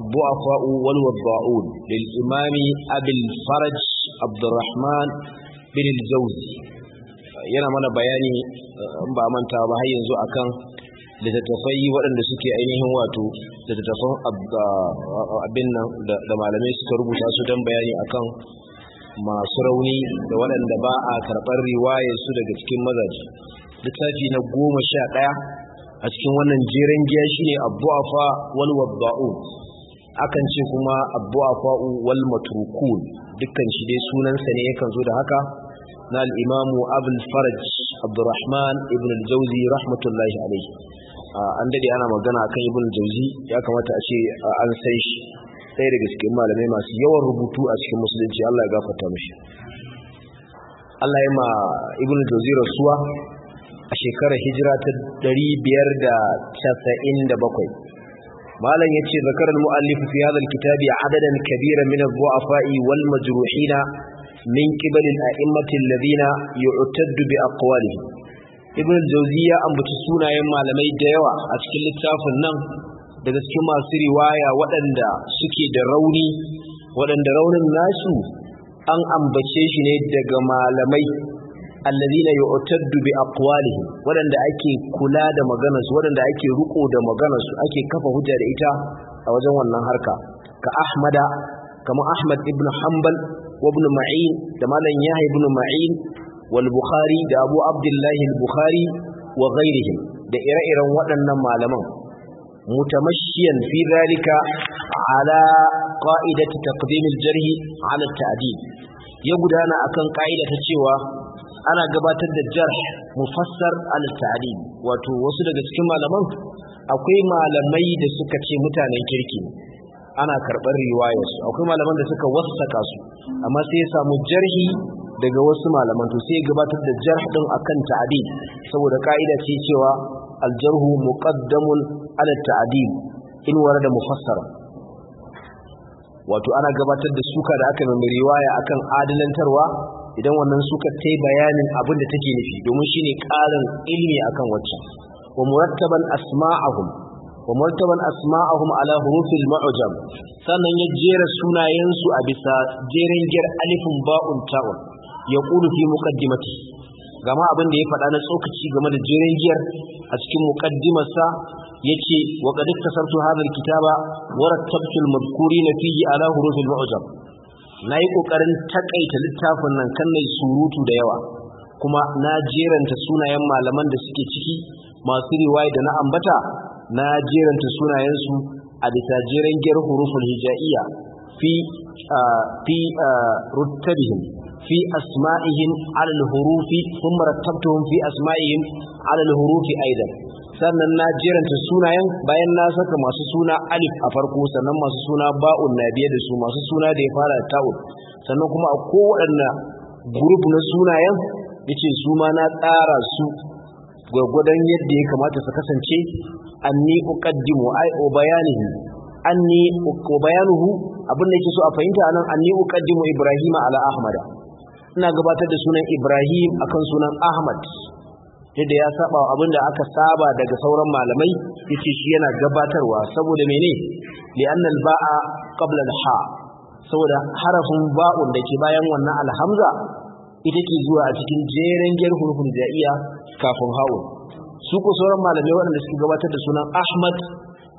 الضعفاء والوضاعون للإمام أبي الفرج عبد الرحمن بن الجوزي yana mana bayani in ba manta ba har yanzu akan littattafai waɗanda suke ainihin wato littattafan abin nan da malamai suka rubuta su don bayani akan masu rauni da waɗanda ba a karɓar riwayar su daga cikin mazaji littafi na goma sha ɗaya a cikin wannan jeren giya shine wani wal wadda'un akan ce kuma abdu'afa wal matrukun dukkan shi dai sunansa ne yakan zo da haka na al-imamu abul faraj abdurrahman ibn al-jawzi rahmatullahi alayhi an dade ana magana akan ibn al-jawzi ya kamata a ce an san shi sai daga cikin malamai masu yawan rubutu a cikin musulunci Allah ya gafarta mishi Allah ya ma ibn al-jawzi rasuwa a shekarar hijira ta 597 malam yace zakarar muallif fi hadha alkitabi adadan kabira min adh-dhu'afa'i wal majruhina min qibal al-a'immati alladhina yu'taddu bi aqwalihim ibn al-jawzi ya ambaci sunayen malamai da yawa a cikin littafin nan daga cikin masu riwaya waɗanda suke da rauni waɗanda raunin nasu an ambace shi ne daga malamai allazina yu'taddu bi aqwalihim wadanda ake kula da maganar su wadanda ake ruko da maganar su ake kafa hujja da ita a wajen wannan harka ka ahmada kama ahmad ibn hanbal wa ibn ma'in da malam yahya ibn ma'in wal bukhari da abu abdullahi al bukhari wa ghairihim da ire-iren waɗannan malaman ala في ذلك على قاعدة تقديم الجرح ya gudana يقول أنا أكن cewa. ana gabatar da jarh mufassar al ta'lim wato wasu daga cikin malaman akwai malamai da suka ce mutanen kirki ana karɓar su, akwai malaman da suka wassaka su amma sai ya samu jarhi daga wasu malaman to sai ya gabatar da jarh din akan ta'dil saboda ka'ida ce cewa Al-Jarhu aljarhu muqaddamun ala ta'dil in warada mufassar wato ana gabatar da suka da aka mai riwaya akan adalantarwa idan wannan suka tai bayanin abin da take nufi domin shine ƙarin ilmi akan wacce wa murattaban asma'ahum wa murattaban asma'ahum ala hurufil mu'jam sannan ya jera sunayensu a bisa jerin gir alifun ba'un ta'un yaqulu fi muqaddimati gama abin da ya faɗa na tsokaci game da jerin giyar a cikin muqaddimarsa yace wa qad iktasartu hadha alkitaba wa rattabtu almadhkurina fihi ala hurufil mu'jam na yi ƙoƙarin taƙaita littafin nan kan mai surutu da yawa kuma na jeranta sunayen malaman da suke ciki masu riwaya da na ambata na jeranta sunayensu a bisa jeren gyar huruful hija'iyya fi fi fi asma'ihim alal hurufi sun fi asma'ihim alal hurufi aidan sannan na jeranta sunayen bayan na saka masu suna alif a farko sannan masu suna ba'un na biye da su masu suna da ya fara ta'un sannan kuma a kowaɗanne gurup na sunayen yace su ma na tsara su gwagwadon yadda ya kamata su kasance anni uqaddimu ay ubayanihi anni ubayanuhu abin da yake so a fahimta anan anni uqaddimu ibrahima ala ahmada ina gabatar da sunan ibrahim akan sunan ahmad yadda ya saba abin da aka saba daga sauran malamai yace shi yana gabatarwa saboda mene li'anna alba'a qabla alha saboda harafin ba'un da ke bayan wannan alhamza ita ke zuwa a cikin jeren gyar hurufin ja'iya kafin ha'un. su ko sauran malamai waɗanda suke gabatar da sunan ahmad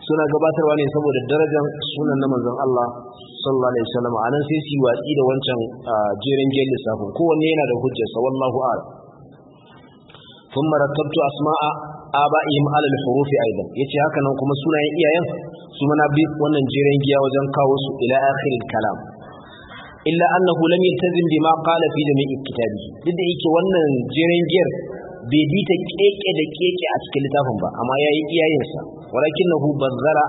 suna gabatarwa ne saboda darajar sunan na manzon Allah sallallahu alaihi wasallam anan sai su watsi da wancan ah, jeren gyar lissafin kowanne yana da hujjarsa wallahu a'lam ثم رتبت اسماء ابائهم على الحروف ايضا يتي هكذا كما سنن ايايان ثم نبي wannan jiren giya wajen kawo su ila akhir kalam illa annahu lam yaltazim bima qala fi dami al-kitab duk da yake wannan jiren giyar bai bi ta keke da keke a cikin littafin ba amma yayi iyayen sa walakinahu bazzara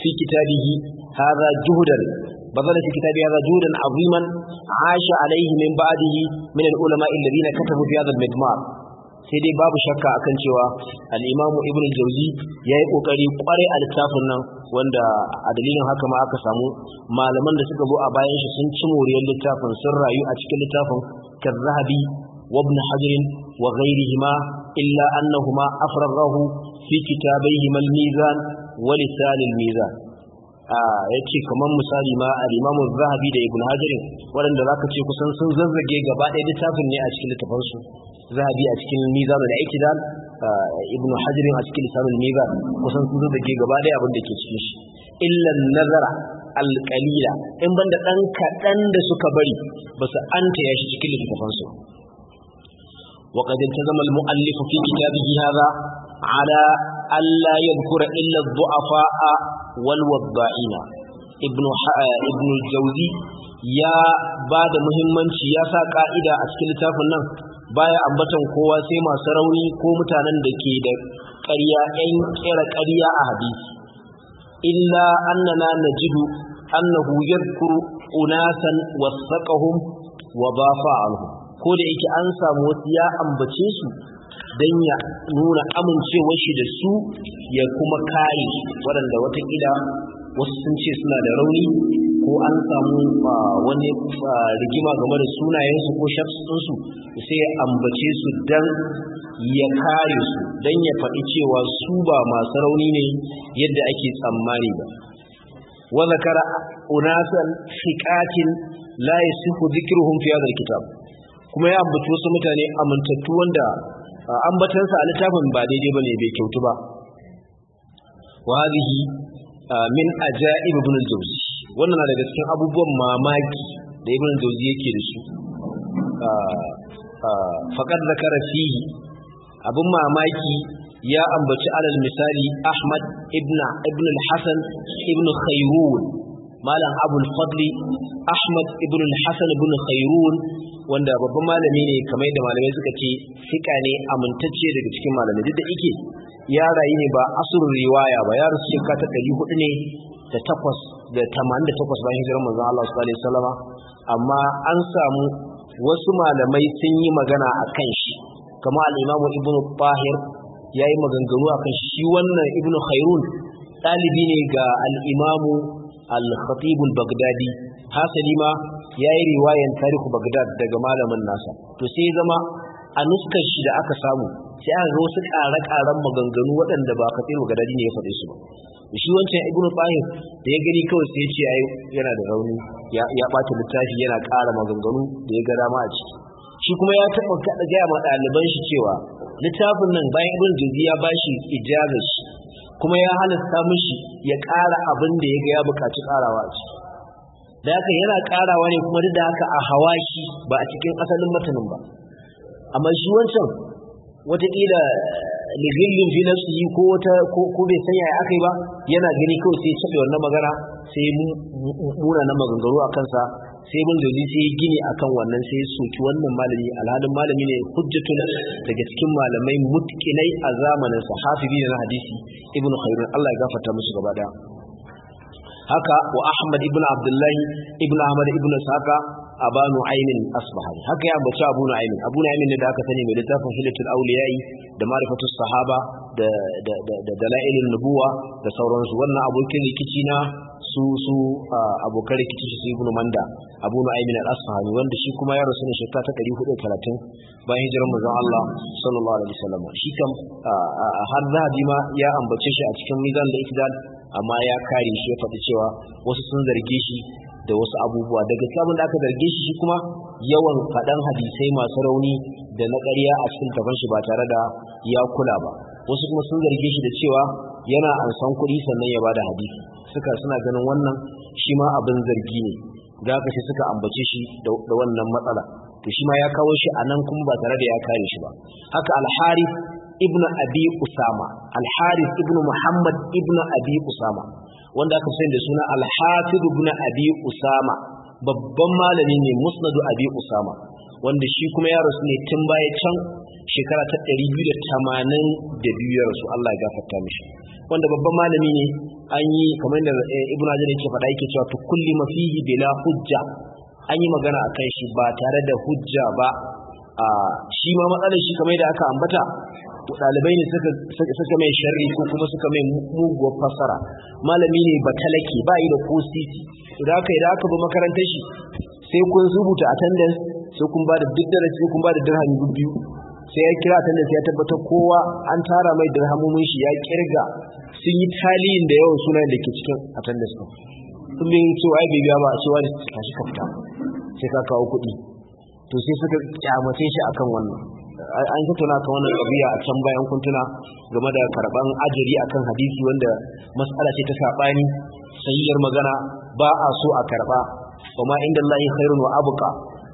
fi kitabihi hadha fi kitabi hadha juhdan aziman aisha alayhi min ba'dihi min al-ulama alladhina katabu fi hadha al-mijmar sai dai babu shakka akan cewa Alimamu imamu ibn jauzi ya yi ƙoƙari ƙwarai a littafin nan wanda a dalilin haka ma aka samu malaman da suka zo a bayan shi sun ci moriyar littafin sun rayu a cikin littafin kan zahabi wa ibn hajarin wa ghairihima illa annahuma afraghahu fi kitabaihima Walisalin, mizan wa mizan ya ce kamar misali ma al-imamu zahabi da ibn hajarin waɗanda za ka ce kusan sun zazzage gaba ɗaya littafin ne a cikin littafansu zahabi a cikin mizanul i'tidal ibn hajarin a cikin lisanul mizan kusan sun zazzage gaba ɗaya abin da ke cikin shi illa nazara alƙalila in banda ɗan kaɗan da suka bari ba su anta ya shi cikin littafansu وقد التزم المؤلف في كتابه هذا ala. Allah ya dukura illa zu'afa wal wadda'ina ibnu ibnu jawzi ya ba da muhimmanci ya sa ka'ida a cikin littafin nan baya ambatan kowa sai masu rauni ko mutanen da ke da ƙarya ƴan kera ƙarya a hadisi illa annana najidu annahu yadhkuru unasan wasaqahum wa dafa ko da yake an samu wasu ya ambace su don ya nuna amincewar shi da su ya kuma kare waɗanda watakila wasu sun ce suna da rauni ko an samu wani rigima game da sunayensu ko shafsunsu sai ya ambace su don ya kare su don ya faɗi cewa su ba masu rauni ne yadda ake tsammani ba wanda kara unasan fiƙatin la ya siku zikirhun fiye da kitab kuma ya ambaci wasu mutane amintattu wanda ambatansa a littafin ba daidai ba ne bai kyautu ba wa hadhihi min ajaib ibn al-jawzi wannan na daga cikin abubuwan mamaki da ibn al-jawzi yake da su faqad zakara fihi abun mamaki ya ambaci alal misali ahmad ibn ibn al-hasan ibn khayrun malam abul fadli ahmad ibn hassan ibn khairun wanda babban malami ne kamar yadda malamai suka ce fika ne amintacce daga cikin malamai duk da ike ya rayu ne ba asirin riwaya ba ya rasu shekara ta ɗari hudu ne da takwas da tamanin da takwas bayan hijirar manzon Allah sallallahu alaihi wasallama amma an samu wasu malamai sun yi magana a kan shi kama al'imamu ibn bahir ya yi maganganu a kan shi wannan ibn khairun ɗalibi ne ga al'imamu al-khatib al-baghdadi hasali ma yi riwayan tarihu Bagdad daga malamin nasa to sai zama a nuskar shi da aka samu sai aka ga wasu ƙare-ƙaren maganganu waɗanda ba kafin magadadi ne ya faɗe su ba shi wancan ibnu fahim da ya gani kawai sai ce ai yana da rauni ya ɓata littafi yana ƙara maganganu da ya ga dama a ciki shi kuma ya taɓa kaɗa gaya ma ɗaliban shi cewa littafin nan bayan ibn jazi ya bashi ijazar shi kuma ya halasta mishi ya ƙara abin da ya ga ya buƙaci ƙarawa ciki. da haka yana ƙarawa ne kuma duk da haka a hawashi ba a cikin asalin matanin ba amma shi wancan wataƙila ligillin fi nafsi ko wata ko bai san yaya aka ba yana gani kawai sai ya na magana sai muna na maganganu a kansa sai ibn jauzi sai ya gini akan wannan sai ya soki wannan malami alhalin malami ne hujjatun daga cikin malamai mutqinai a zamanin sa hafizi na hadisi ibn khairun Allah ya gafarta musu gaba daya haka wa ahmad ibn abdullahi ibn ahmad ibn saka abanu ainin asbahani haka ya ambaci abu na ainin abu na ainin da aka sani mai littafin hilatul auliyai da marifatus sahaba da da da Dala'ilin nubuwa da sauransu wannan abokin rikici na su su abokan rikici su ibnu manda abu na ainin asbahani wanda shi kuma ya rasu ne shekara ta 430 bayan hijirar manzon Allah sallallahu alaihi wasallam shi kam har zahabi ma ya ambace shi a cikin mizan da ikdal amma ya kare shi ya faɗi cewa wasu sun zarge shi da wasu abubuwa daga cikin da aka zarge shi kuma yawan faɗan hadisai masu rauni da na ƙarya a cikin tafan shi ba tare da ya kula ba wasu kuma sun zarge shi da cewa yana ansan kuɗi sannan ya bada hadisi suka suna ganin wannan shi ma abin zargi ne da aka shi suka ambace shi da wannan matsala to shi ma ya kawo shi a nan kuma ba tare da ya kare shi ba haka alharif ibnu abi usama alharif ibnu muhammad ibnu abi usama wanda aka sani da suna al-hafiz ibn abi usama babban malami ne musnadu abi usama wanda shi kuma ya rasu ne tun baya can shekara ta 282 ya rasu Allah ya gafarta mishi wanda babban malami ne an yi kamar da eh, ibn hajar yake faɗa yake cewa to kulli mafihi bila hujja an yi magana akan shi ba tare da hujja ba a ah, shi ma matsalar shi kamar da aka ambata ɗalibai ne suka mai sharri ko kuma suka mai muguwar fassara malami ne ba talake ba yi da ko sisi da aka yi da aka bi makarantar shi sai kun rubuta attendance sai kun ba da duk sai kun ba da dirham biyu sai ya kira attendance ya tabbatar kowa an tara mai dirhamomin shi ya kirga sun yi taliyin da yawan sunan da ke cikin attendance ɗin sun bin cewa ai bai biya ba a cewa da shi ka fita sai ka kawo kuɗi to sai suka kyamace shi akan wannan an tattauna kan wannan ƙabiya a can bayan kuntuna game da karban ajiri akan hadisi wanda mas'ala ce ta saɓani sayyar magana ba a so a karɓa kuma inda Allah khairun wa abuka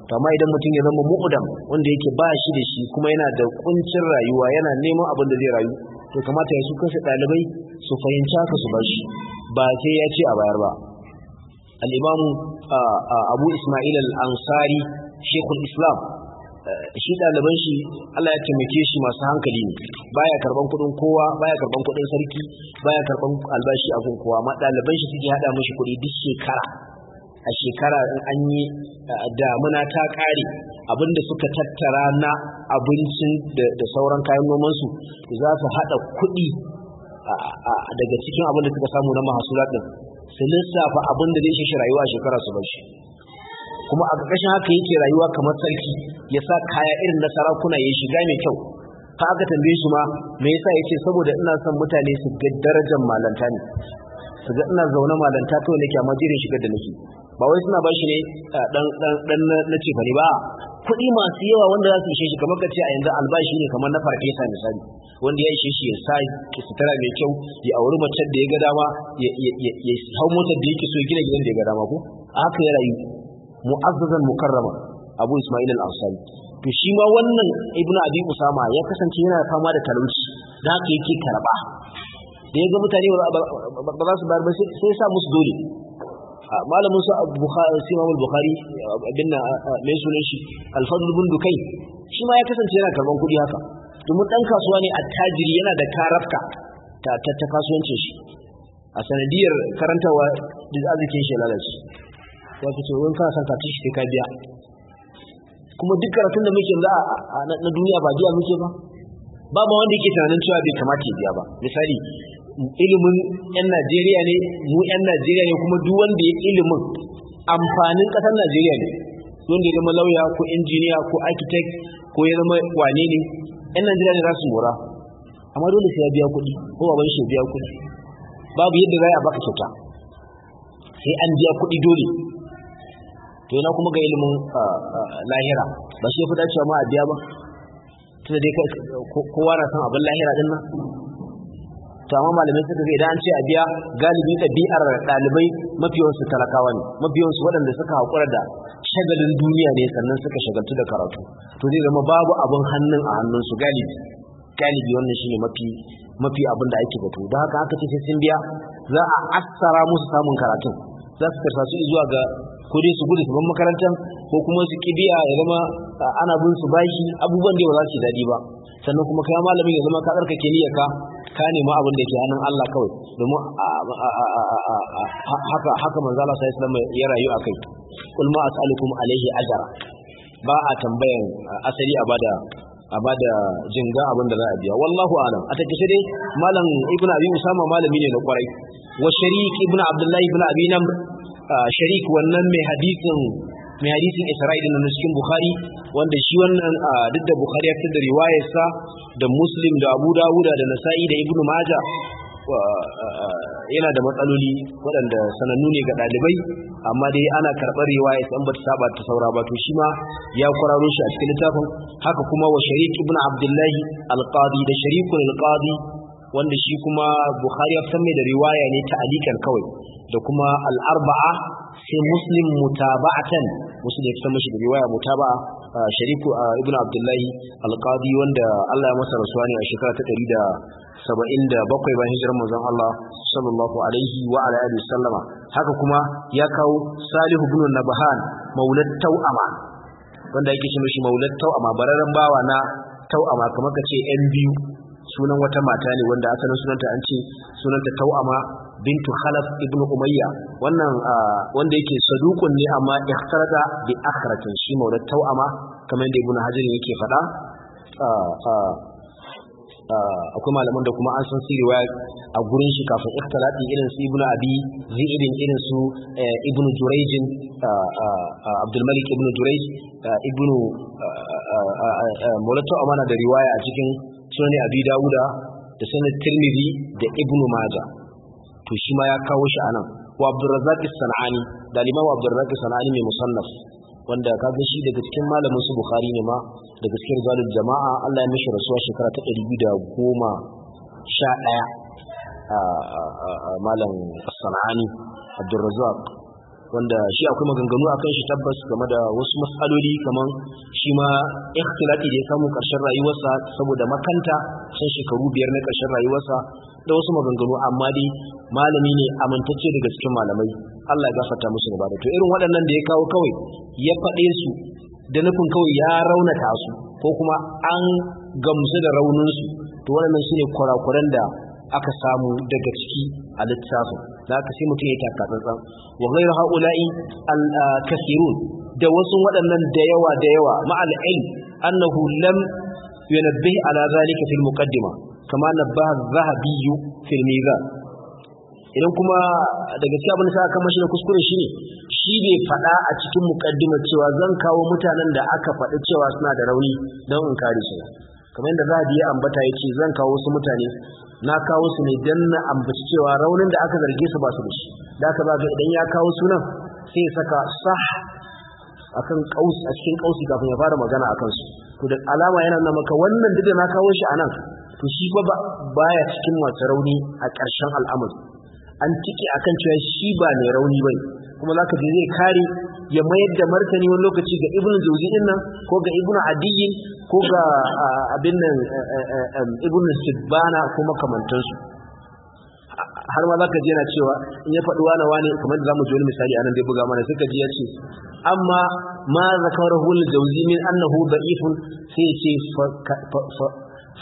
to amma idan mutum ya zama mu'udam wanda yake ba shi da shi kuma yana da kuncin rayuwa yana neman abin da zai rayu to kamata ya su kansu ɗalibai su fahimta ka su bashi ba sai ya ce a bayar ba al imam ah, ah, abu isma'il al-ansari shekul islam Eh, shi ɗaliban shi Allah ya taimake shi masu hankali ne baya karban kuɗin kowa baya karban kuɗin sarki baya karban albashi a kun kowa amma ɗaliban shi suke haɗa mashi kuɗi duk shekara a shekara in an yi eh, damuna ta ƙare abinda suka tattara na abincin da sauran kayan nomansu za su haɗa kuɗi daga cikin abinda suka samu na mahasulat ɗin su lissafa abinda zai shi rayuwa a shekara su bar shi kuma a ƙarƙashin haka yake rayuwa kamar sarki ya sa kaya irin na sarakuna ya shiga mai kyau Ta aka tambaye su ma me yasa ce saboda ina son mutane su ga darajar malanta ne su ga ina zaune malanta to ne amma jirin shigar da nake ba wai suna bashi ne dan dan dan na ce ba kuɗi masu yawa wanda za su ishe shi kamar ce a yanzu albashi ne kamar na farfesa misali wanda ya ishe shi ya sa ki sutura mai kyau ya auri mace da ya ga dama ya hau motar da yake so gina gidan da ya ga dama ko A haka ya rayu mu'azzazan mukarrama abu ismail al-ansari to shi ma wannan ibnu abi usama ya kasance yana fama da talauci da haka yake karba da ya ga mutane ba za su bayar ba sai sa musu dole malamin su Imam al-Bukhari Abinna, mai sunan shi Al-Fadl ibn Dukai shi ma ya kasance yana karban kuɗi haka domin dan kasuwa ne attajiri yana da karafka ta ta kasuwancin shi a sanadiyar karantawa da arzikin shi lalace wato ce to in kana son ka tashi ka biya kuma duk karatun da muke za na duniya ba biya muke ba ba ma wanda yake tunanin cewa bai kamata ya biya ba misali ilimin yan Najeriya ne mu yan Najeriya ne kuma duk wanda ya ilimin amfanin ƙasar Najeriya ne wanda ya zama lauya ko injiniya ko architect ko ya zama wane ne yan Najeriya ne za su mora amma dole sai ya biya kuɗi ko baban shi biya kuɗi babu yadda za a baka kyauta sai an biya kuɗi dole to yana kuma ga ilimin ah, ah, lahira ba shi fi dacewa ma a biya ba tunda dai kowa na san abin lahira din nan to amma malamai suka ga idan an ce a biya galibi dalibai ɗalibai mafiyansu talakawa ne mafiyansu waɗanda suka haƙura da shagalin duniya ne sannan suka shagaltu da karatu to zai zama babu abin hannun a su galibi galibi wannan shine mafi mafi abin da ake batu da haka aka ce sai sun biya za a assara musu samun karatun za su karsa su zuwa ga ko dai su gudu su makarantar ko kuma su kibiya ya zama ana bin su bashi abubuwan da ba za su yi daɗi ba sannan kuma kai malamin ya zama ka tsarkake niyyarka ka nema abin da ke hannun Allah kawai domin haka haka manzo Allah sallallahu alaihi ya rayu akai kul ma as'alukum alaihi ajra ba a tambayan asali a bada a bada jinga abin da za a biya wallahu alam a take dai malam ibnu abi usama malami ne na kwarai wa shariq ibnu abdullahi ibnu abi namr sharik wannan mai hadisin mai hadisin Isra'il na cikin Bukhari wanda shi wannan duk da Bukhari ya fitar da riwayarsa da Muslim da Abu Dawud da Nasa'i da Ibn maja yana da matsaloli waɗanda sanannu ne ga ɗalibai amma dai ana karɓar riwaya san ba ta saba ta saura ba to shi ma ya kwararo shi a cikin littafin haka kuma wa sharik ibn abdullahi alqadi da sharikul alqadi wanda shi kuma bukhari ya san mai da riwaya ne ta alikan kawai da kuma al'arba'a sai muslim mutaba'atan muslim ya san mashi da riwaya mutaba'a shariku ibn abdullahi alqadi wanda Allah ya masa rasuwa ne a shekara ta ɗari da da saba'in bakwai bayan hijirar manzon Allah sallallahu alaihi wa ala alihi sallama haka kuma ya kawo salihu ibn nabahan maulad tau'ama wanda yake shi mashi maulad tau'ama bararren bawa na tau'ama kamar ce yan biyu sunan wata mata ne wanda asalin sunanta an ce sunanta tau'ama bintu khalaf ibnu umayya wannan wanda yake sadukun ne amma ikhtarata bi akhratin shi mawla tau'ama kamar da ibnu hajar yake faɗa akwai malaman da kuma an san sirri wa a gurin shi kafin ikhtilati irin su ibnu abi zi'idin irin su e, ibnu jurayj abdul malik ibnu jurayj ibnu Tau'ama na da riwaya a cikin sunan abi dawuda da sanad tirmidhi da ibnu majah to shi ma ya kawo shi anan wa abdurrazzaq as-sanani da limamu abdurrazzaq as-sanani mai musannaf wanda kaga shi daga cikin malamin su bukhari ne ma daga cikin rijalul jama'a Allah ya mishi rasuwa shekara ta 211 malam as-sanani abdurrazzaq wanda shi akwai maganganu a kan shi tabbas game da wasu matsaloli kamar shi ma ikhtilati da ya samu karshen rayuwarsa saboda makanta sun shekaru biyar na karshen rayuwarsa da wasu maganganu amma dai malami ne amintacce daga cikin malamai Allah ya gafarta musu ba da to irin waɗannan da ya kawo kawai ya faɗe su da nufin kawai ya raunata su ko kuma an gamsu da rauninsu to waɗannan su ne kurakuran da aka samu daga ciki a littafin da aka sai mutum ya taka tsantsan wa ghairu haula'i al kasirun da wasu waɗannan da yawa da yawa al ain annahu lam yunabbih ala zalika fil muqaddima kama nabbaha zahabi fil mizan idan kuma daga cikin abin da aka mashi na kuskure shine shi bai faɗa a cikin mukaddima cewa zan kawo mutanen da aka faɗi cewa suna da rauni don in kare su kamar yadda zahabi ya ambata ya ce zan kawo wasu mutane na kawo su ne dan na ambaci cewa raunin da aka zarge su ba su da shi da aka ba idan ya kawo sunan sai saka sah akan kaus a cikin kausi kafin ya fara magana akan su to da alama yana nuna maka wannan duk da na kawo shi anan to shi ba baya cikin wata rauni a ƙarshen al'amari an tiki akan cewa shi ba ne rauni bai, kuma zaka je zai kare ya mayar da martani wani lokaci ga ibnu jauzi nan ko ga ibnu adiyin ko ga abin nan ibnu sibbana ko makamantansu har ma zaka ji yana cewa in ya faɗi wani wani kamar da zamu ji wani misali anan ya buga mana suka ji ya ce amma ma zakarahu al-jawzi min annahu da'ifun sai ce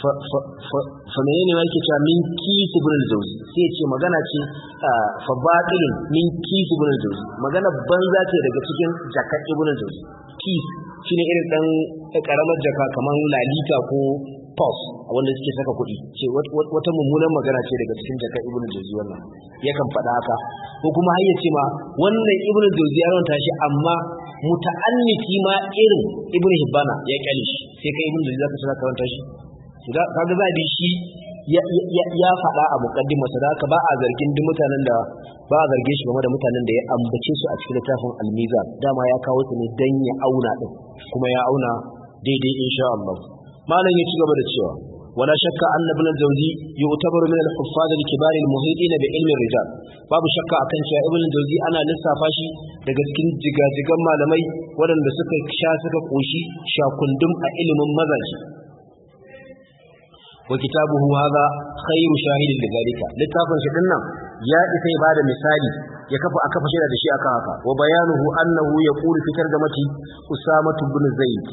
fa menene ma yake cewa min kisu bin al sai ce magana ce fa batilin min kisu bin al magana banza ce daga cikin jaka ibn al Kis, kis shine irin dan karamar jaka kamar lalita ko pos wanda suke saka kuɗi ce wata mummunan magana ce daga cikin jaka ibn al wannan yakan faɗa haka ko kuma har ce ma wannan ibn al an tashi shi amma muta'anniki ma irin ibn hibbana ya ƙyale shi sai kai ibn al-jawzi zaka tsara karanta shi kaga bi shi ya faɗa a muqaddimarsa da haka ba a zargin duk mutanen da ba a zargin shi game da mutanen da ya ambace su a cikin littafin almiza dama ya kawo su ne dan ya auna din kuma ya auna daidai insha Allah malam ya ci gaba da cewa ولا شك أن ابن الجوزي يعتبر من الحفاظ da المحيطين بعلم Babu shakka شك أكن شيء ابن الجوزي أنا لسا فاشي daga cikin jigajigan malamai waɗanda suka sha suka koshi shakundum a ilimin mazaji wa kitabuhu hadha khayru shahidin lidhalika littafin shi dinnan ya isa ba da misali ya kafa a kafa shaida da shi akan haka wa bayanuhu annahu yaqulu da mati, usama ibn zaid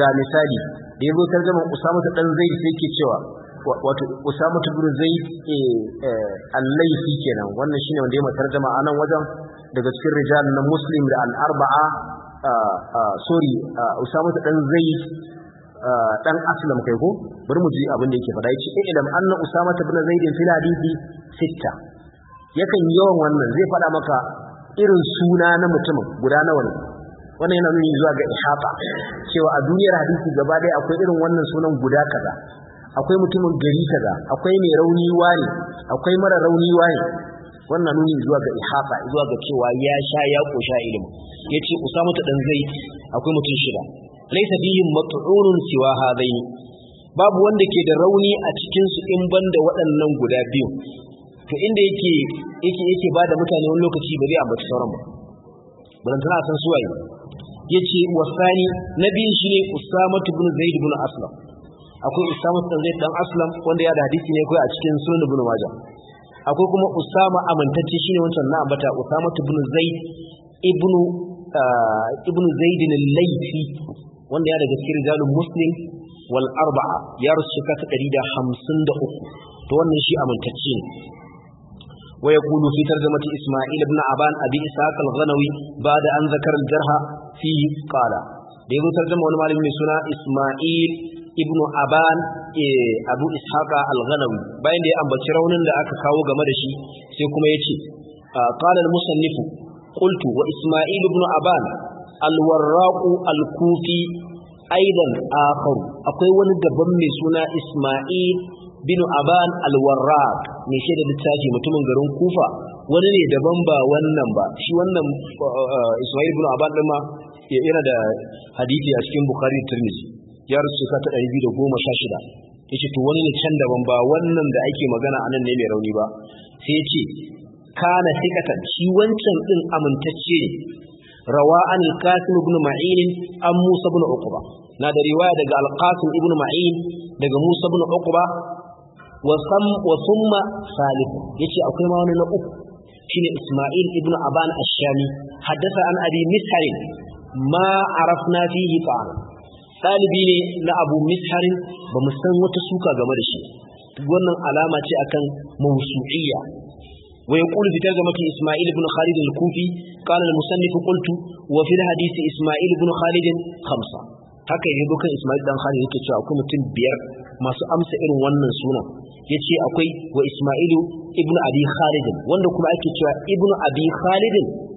ga misali da yazo tarjaman usama dan zaid sai yake cewa wato usama ibn zaid eh, eh, al-laythi kenan wannan shine wanda ya matarjama anan wajen daga cikin rijal na muslim da al-arba'a ah, ah, sorry ah, usama dan zaid dan aslam kai ko bari mu ji abin da yake fada yace ilam anna usama ibn zaid fil hadithi Sita. yakan yawan wannan zai faɗa maka irin suna na mutumin guda nawa ne wannan yana nuni zuwa ga ihata cewa a duniyar hadisi gaba ɗaya akwai irin wannan sunan guda kaza akwai mutumin gari kaza akwai mai rauni wani akwai mara rauni wani wannan nuni zuwa ga ihata zuwa ga cewa ya sha ya kosha ilimi yace usama ta dan zaid akwai mutum shida laysa bihi mat'urun siwa hadaini babu wanda ke da rauni a cikin su in banda waɗannan guda biyu to inda yake yake yake bada mutane wani lokaci ba zai ambaci sauran ba bari tana san su waye yace wasani nabiyin shine usama ibn zaid ibn aslam akwai usama ibn zaid dan aslam wanda ya da hadisi ne kai a cikin sunan ibn majah akwai kuma usama shi shine wancan na ambata usama ibn zaid ibn ah, ibn zaid al-laythi wanda ya daga cikin rijalun muslim wal arba'a ya rusu kasa ɗari da hamsin da uku to wannan shi amintacce ne wa yaqulu fi tarjamati isma'il ibn aban abi ishaq al-ghanawi ba'da an zakara al-jarha fi qala da yazo tarjama wani malami mai suna isma'il ibn aban eh, abu ishaq al-ghanawi bayan da ya ambaci raunin da aka kawo game da shi sai kuma yace ah, qala al-musannif kultu wa isma'il ibn aban Alwarraku aidan الوراق Akwai wani آخر mai suna Isma'il bin إسماعيل بن أبان الوراق نشيد littafi mutumin garin kufa. wani ne daban ba wannan ba shi wannan uh, Ismail bin Abbas din ma ya yana da hadisi a cikin Bukhari Tirmidhi ya rusu ka ta 216 yace to wani ne can daban ba wannan da ake magana anan ne mai rauni ba sai yace kana sikatan shi wancan din amintacce ne rawa an al-qasim ibn ma'in an musa ibn uqba na da riwaya daga al-qasim ibn ma'in daga musa ibn uqba wa sam wa thumma salih yace akwai ma wani na uku shine isma'il ibn aban ash-shami haddatha an abi mishar ma arafna fihi ta'ala ɗalibi ne na abu misharin ba mu san wata suka game da shi wannan alama ce akan mawsu'iyya ويقول في ترجمة إسماعيل بن خالد الكوفي قال المصنف قلت وفي hadisi إسماعيل بن خالد خمسة haka yi bukan Ismail dan Khalid yake cewa akwai mutum biyar masu amsa irin wannan sunan yace akwai wa Isma'il ibnu Abi Khalid wanda kuma ake cewa ibnu Abi Khalid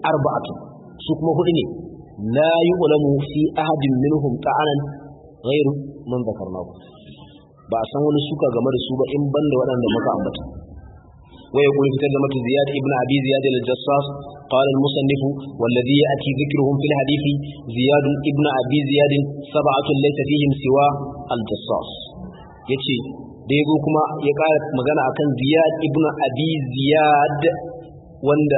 arba'atu su kuma hudu ne la yu'lamu fi ahadin minhum ta'anan ghairu man dhakarnahu ba san wani suka game da su ba in banda waɗanda muka ambata ويقول في ترجمة زياد ابن أبي زياد الجصاص قال المصنف والذي يأتي ذكرهم في الحديث زياد ابن أبي زياد سبعة ليس فيهم سوى الجصاص يتي ديبو كما يقال مغانا أكن زياد ابن أبي زياد وند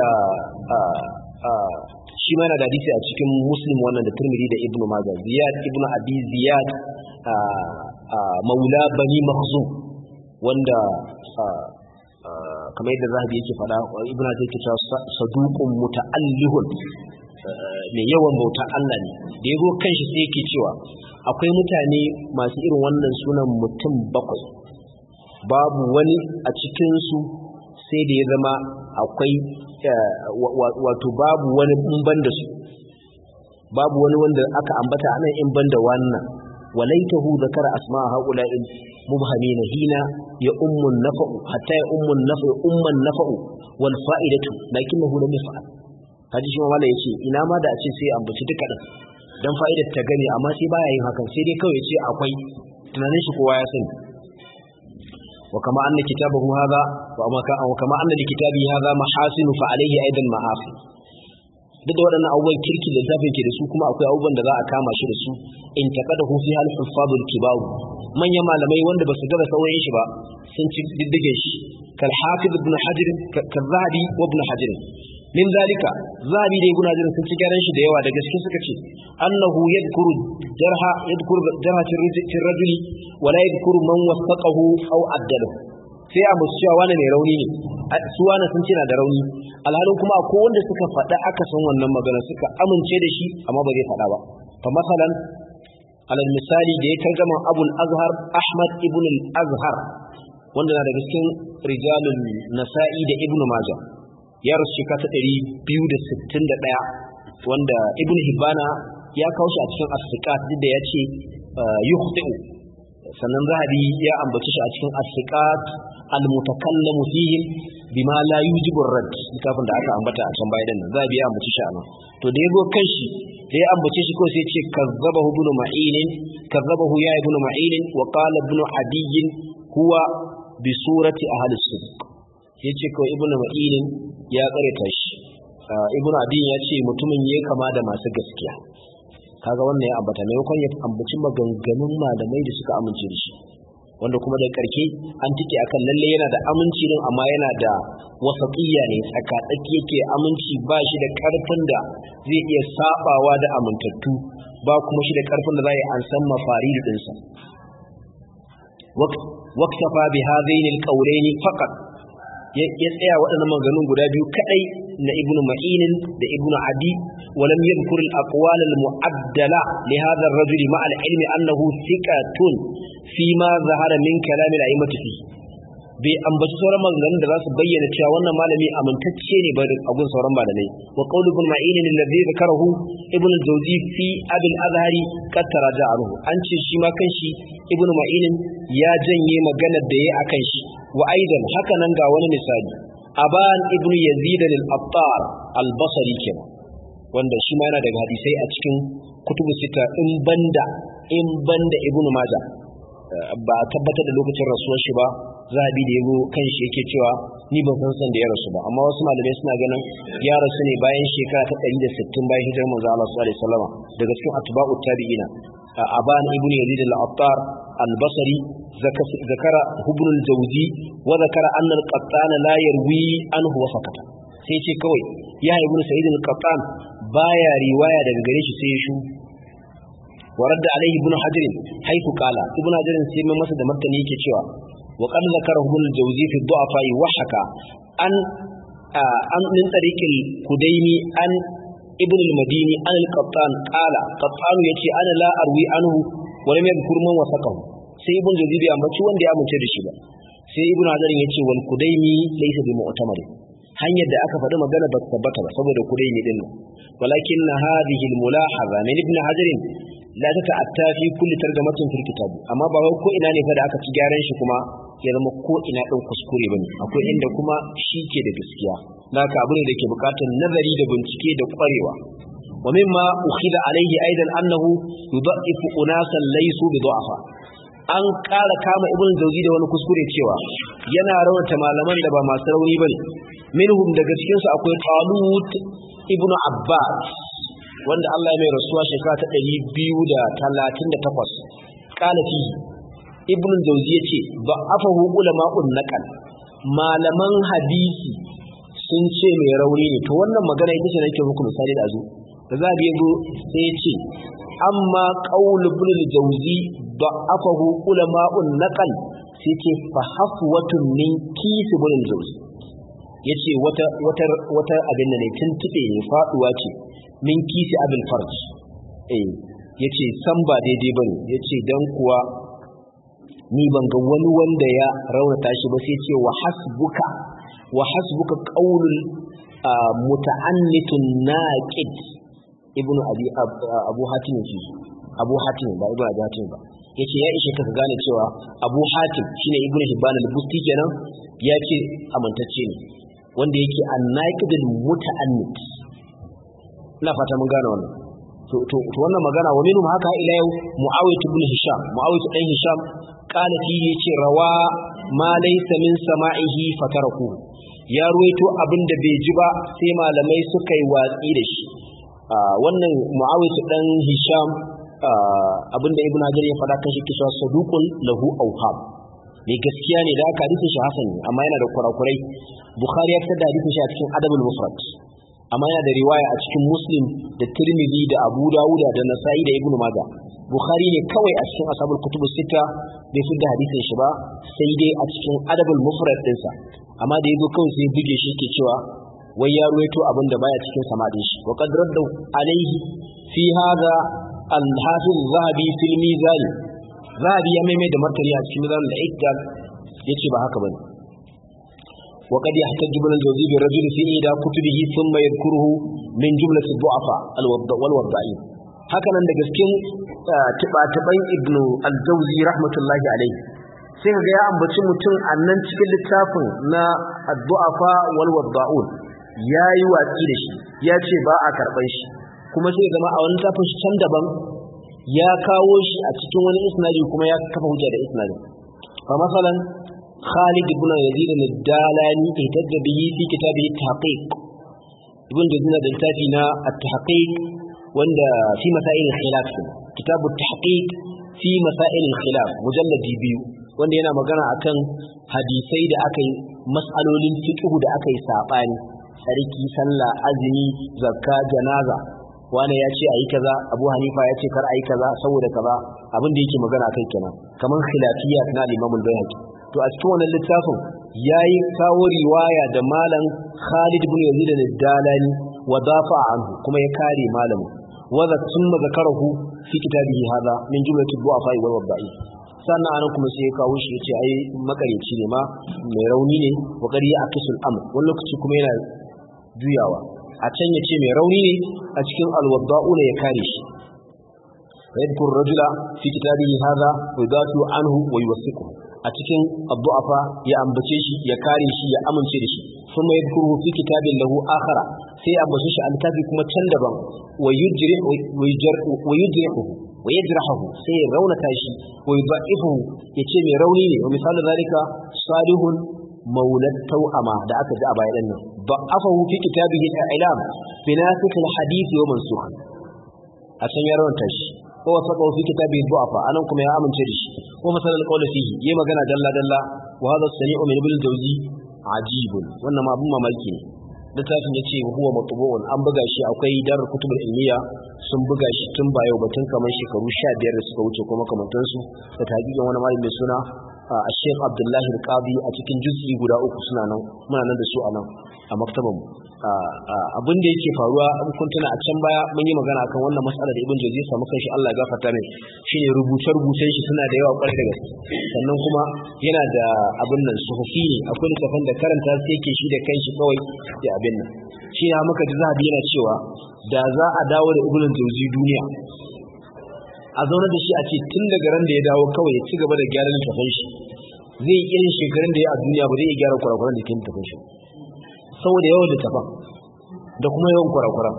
shi ma yana da hadisi a cikin muslim wannan da turmiri da ibnu maza ziyad ibnu abi ziyad maula bani makhzum wanda kamar yadda zahabi yake faɗa ibn hajar yake cewa saduqun muta'allihun eh, mai yawan bauta Allah ne da yazo kanshi sai yake cewa akwai mutane masu irin wannan sunan mutum bakwai babu wani a cikin su sai da ya zama akwai eh, wato babu wani in da su babu wani wanda aka ambata anan in banda wannan walaitahu zakara asma'a haula'in مبهمين هنا يؤم النفع حتى يؤم النفع أم النفع والفائدة لكنه لم يفعل هذا شيء ما يشي إنا ما دا أشي سي أم بشي dan fa'idar ta gani amma sai baya yin hakan sai dai kawai ce akwai tunanin shi kowa ya sani wa kama anna kitabahu hadha wa kama anna fa alayhi aidan duk da waɗannan abubuwan kirki da littafin ke da su kuma akwai abubuwan da za a kama shi da su in taƙa da hufi hal fadul kibaru manyan malamai wanda ba su gaba sauran shi ba sun ci diddigen shi kal hafiz ibn hajar kal zahabi wa ibn hajar min zalika zahabi da ibn hajar sun ci gyaran shi da yawa da gaske suka ce annahu yadkuru jarha yadkuru jarha tirrajuli wa la yadkuru man wasaqahu aw addalahu sai a musu cewa wani mai rauni ne su wani sun ce na da rauni alhalin kuma ko wanda suka faɗa aka san wannan magana suka amince da shi amma ba zai faɗa ba fa masalan alal misali da ya kai gaman abul azhar ahmad ibn al azhar wanda na daga cikin rijalul nasa'i da ibn majah ya rasu shi kasa ɗari biyu da sittin da ɗaya wanda ibn hibbana ya kawo shi a cikin asikat da ya ce ah, yuhti'u sannan zahabi ya ambaci shi a cikin asiqat almutakallamu fihi bima la yujibu ar-radd kafin da aka ambata a can baya za zahabi ya ambaci shi anan to da yago kan shi da ya ambace shi ko sai ce kazzaba ibn ma'in kazzabahu ya ibn ma'in wa qala ibn adiy huwa bi surati ahli as-sidq yace ko ibn ma'in ya karanta shi ah, ibn adiy ya ce mutumin ya kama da masu gaskiya kaga wannan ya ambata maimakon ya ambaci maganganun malamai da suka amince da shi wanda kuma da karke an tike akan lalle yana da aminci din amma yana da wasaqiyya ne tsaka tsaki yake aminci ba shi da karfin da zai iya sabawa da amintattu ba kuma shi da karfin da za an san mafarid din sa waktafa bi hadaini alqawlaini faqat ya tsaya waɗannan maganganun guda biyu kadai na ibn ma'in da ibn adi walam yadhkur al aqwal mu'addala li hadha ar rajul ma al ilmi annahu thiqatun fi ma min kalam al bai ambaci sauran maganganun da za su bayyana cewa wannan malami amintacce ne ba abun sauran malamai wa qawlu ibn ma'in alladhi zakarahu ibn zawji fi abin azhari qad taraja'ahu an ce shi ma kanshi ibn Ma'ilin ya janye maganar da yayi akan shi wa aidan haka nan ga wani misali aban ibn yazid al-attar al-basri kenan wanda shi ma yana daga hadisai a cikin kutubu sita in banda in banda ibn maja eh, ba tabbatar da lokacin rasuwar shi ba bi da yago kan shi yake cewa ni ban san san da ya rasu ba amma wasu malamai suna ganin ya rasu ne bayan shekara ta 160 bayan hijirar manzo Allah sallallahu alaihi wasallam daga cikin atba'u tabi'ina eh, aban ibn yazid al-attar al-basri ذكر ابن الجوزي وذكر أن القطان لا يروي عنه وسقط sai ce kawai ya ibn sa'id al-qattan baya riwaya daga gare shi sai ya shu warad alaihi ibn hajar haythu qala ibn hajar sai mai masa da martani yake cewa wa qad zakara ibn al-jawzi fi du'afa wa haka an an min kudaini an ibn madini an yace ana anhu wa lam yadhkur man sai ibn jarir bai wanda ya amince da shi ba sai ibn hajar ya ce wal kudaimi laysa bi mu'tamar hanyar da aka faɗi magana ba tabbata ba saboda kudaimi din nan walakin hadhihi al mulahaza min ibn hajar la tata'atta fi kulli tarjamatin fil kitab amma ba ko ina ne fa da aka ci gyaran shi kuma ya zama ko ina ɗan kuskure ne. akwai inda kuma shi ke da gaskiya naka abu ne da ke buƙatar nazari da bincike da ƙwarewa ومما أخذ عليه أيضا أنه يضعف أناسا ليسوا بضعفاء an ƙara kama ibn jauzi da wani kuskure cewa yana raunata malaman da ba masu rauni bane minhum daga cikin su akwai talut ibn abbas wanda Allah ya mai rasuwa shekara ta ɗari biyu da da talatin takwas, kana fi ibn ya ce ba afahu na naqal malaman hadisi sun ce mai rauni ne to wannan magana ita ce nake muku misali da zo da sai ce amma qaul ibn jauzi ضعفه علماء النقل سيكي ce fa كيس min kisi يتي zawji yace wata wata wata abin da ne tuntube ne faduwa ce min kisi abin farj eh yace san ba daidai bane yace dan kuwa ni ban ga wani wanda ya raunata shi ba sai ce wa hasbuka wa hasbuka qaulul muta'annitun naqid ibnu abu hatim ba ibnu abi hatim ba yace ya ishe ka gane cewa Abu Hatim shine Ibn Hibban al-Busti kenan yace amantacce ne wanda yake annaqidul muta'annid ina fata mun gane wannan to to wannan magana wa minhum haka ila yau Muawiyah ibn Hisham Muawiyah dan Hisham kana fi yace rawa ma laysa min sama'ihi fataraku ya ruwaito abin da bai ji ba sai malamai suka yi watsi da shi ah, wannan Muawiyah dan Hisham abinda ibn hajar ya faɗa kan shi kisa saduqun lahu awham Mai gaskiya ne da aka hadisin shi hasan ne amma yana da kurakurai bukhari ya fitar da hadisin shi a cikin adabul mufrad amma yana da riwaya a cikin muslim da tirmidhi da abu dawuda da nasa'i da ibnu majah bukhari ne kawai a cikin Asabar kutubu sita bai fitar da hadisin shi ba sai dai a cikin adabul mufrad dinsa amma da yazo kawai sai buge shi ke cewa wai ya ruwaito abin da baya cikin samadin shi wa qad alaihi fi hadha al-hafiz zahabi fil mizan zahabi ya maimai da martani a cikin mizan da ya ce ba haka bane وقد يحتج ابن الجوزي بالرجل في إيدا كتبه ثم يذكره من جملة الضعفاء والوضعين هكذا عند جسكين تبعتبين ابن الجوزي رحمة الله عليه sai ga ya ambaci mutum a nan cikin littafin na addu'afa wal wadda'un yayi watsi da shi ya ce ba a karban shi kuma sai zama a wani tafin shi can daban ya kawo shi a cikin wani isnadi kuma ya kafa hujja da isnadin fa masalan Khalid ibn Yazid al-Dalani ihtajja bihi fi kitabihi at-Tahqiq ibn Jazina da littafi na at-Tahqiq wanda fi masail al-khilaf kitabu at-Tahqiq fi masail al-khilaf mujalladi biyu wanda yana magana akan hadisai da aka mas'alolin fiqh da aka yi sabani sarki sallah azumi zakka janaza wane ya ce ayi kaza abu hanifa ya ce kar yi kaza saboda kaza abin da yake magana kai kenan kamar khilafiyya na al-imam bayhaqi to a cikin wannan littafin yayi kawo riwaya da malam Khalid ibn Yazid al-Dalali wa dafa anhu kuma ya kare malamin wa za thumma zakarahu fi kitabihi hada min jumlati du'afa wal wada'i sannan anan kuma sai ya kawo shi yace ai makareci ne ma mai rauni ne wa qari akisul amr wani lokaci kuma yana juyawa a can ya ce mai rauni ne a cikin alwadda'u ya kare shi yadkur rajula fi kitabihi hadha wa yudatu anhu wa yuwasiqu a cikin addu'afa ya ambace shi ya kare shi ya amince da shi kuma yadkuru fi kitabin lahu akhara sai ya ambace shi alkafi kuma can daban wa yujrihu wa yujrihu wa sai ya raunata shi wa yudaifu ya ce mai rauni ne wa misalin zalika salihun maulad tau'ama da aka ji a bayan nan ضعفه في كتابه الإعلام بناسخ الحديث ومنسوخ عشان يرون تش هو فقه في كتابه الضعفة أنا أنكم يا آمن ترش ومثل القول فيه يما كان دلا دلا وهذا السميع من ابن الجوزي عجيب وإنما أبو مالكي littafin ya ce huwa matubu'un an buga shi akwai dar kutubar ilmiya sun buga shi tun ba yau batun kamar shekaru biyar da suka wuce kuma kamantansu da ta hakikin wani malami suna a عبد Abdullahi القاضي qadi a cikin juz'i guda uku suna nan muna nan da su a nan a maktaban mu abin da yake faruwa in tana a can baya mun yi magana akan wannan matsalar da Ibn Jawzi ya samu kanshi Allah ya gafarta mai shine rubuce rubucen shi suna da yawa kwarai da sannan kuma yana da abin nan suhufi ne akwai littafin da karanta sai yake shi da kanshi kawai da abin nan shi ya muka ji zabi yana cewa da za a dawo da Ibn Jawzi duniya a zaune da shi a ce tun daga ran da ya dawo kawai ya ci gaba da gyara littafin shi zai yi irin shekarun da ya a duniya ba zai iya gyara kurakuran da ke littafin shi saboda yawan littafin da kuma yawan kurakuran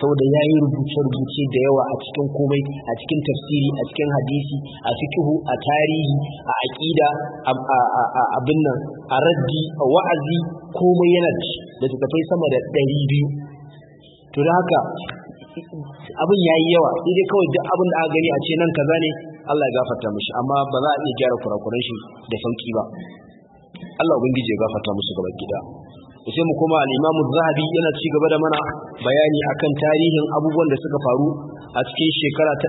saboda ya yi rubuce-rubuce da yawa a cikin komai a cikin tafsiri a cikin hadisi a fikihu a tarihi a aƙida abin nan a raddi a wa'azi komai yana da tafai sama da ɗari biyu to da haka abin yi yawa sai dai kawai duk abin da aka gani a ce nan kaza ne Allah ya gafarta mishi amma ba za a iya gyara kurakuran shi da sauki ba Allah ubangiji ya gafarta musu gaba gida sai mu kuma al-Imam zahabi yana ci gaba da mana bayani akan tarihin abubuwan da suka faru a cikin shekara ta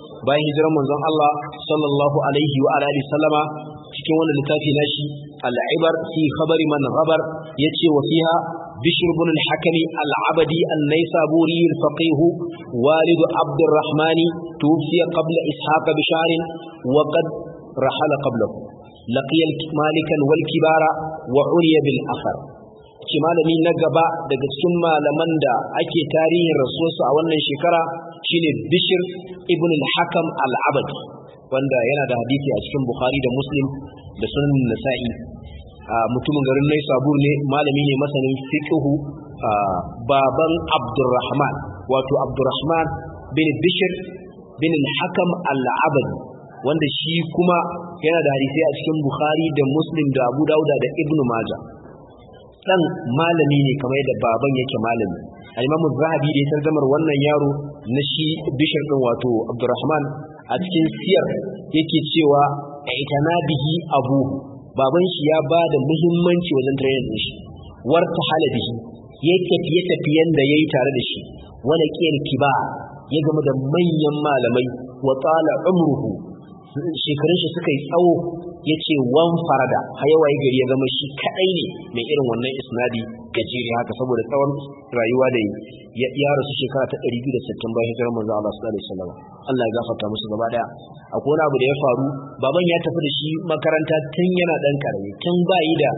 238 bayan hijirar manzon Allah sallallahu alaihi wa alihi sallama cikin wannan littafi nashi al-Ibar fi khabari man ghabar yace wa fiha بشر بن الحكم العبدي النيسابوري الفقيه والد عبد الرحمن توفي قبل إسحاق بشهر وقد رحل قبله لقي مالكا والكبار وعني بالأخر ce malami na gaba daga cikin malaman da ake tarihin rasuwarsu a wannan shekara shine bishir ibn al-hakam al-abadi wanda yana da hadisi a cikin bukhari da muslim da sunan nasa'i mutumin garin Naisabur ne malami ne masanin fiqhu baban Abdurrahman wato Abdurrahman bin Bishr bin al-Hakam al wanda shi kuma yana da hadisai a cikin Bukhari da Muslim da Abu da ibnu Majah dan malami ne kamar yadda baban yake malami al-Imam Zahabi da ya tarjamar wannan yaro na shi Bishr din wato Abdurrahman a cikin siyar yake cewa itana bihi abuhu baban shi ya ba da muhimmanci wajen training din shi warta halabi ya tafiye tafiyen da yayi tare da shi wani kiyar kiba ya gama da manyan malamai wa tsala umruhu shekarun shi suka yi tsawo ya ce wan farada har yawa ya gari ya zama shi kaɗai ne mai irin wannan isnadi gajeri haka saboda tsawon rayuwa da ya rasu shekara ta da sittin, bayan hijirar manzo Allah sallallahu alaihi wasallam Allah ya gafarta musu gaba daya akwai wani abu da ya faru baban ya tafi da shi makaranta tun yana ɗan karami tun bayi da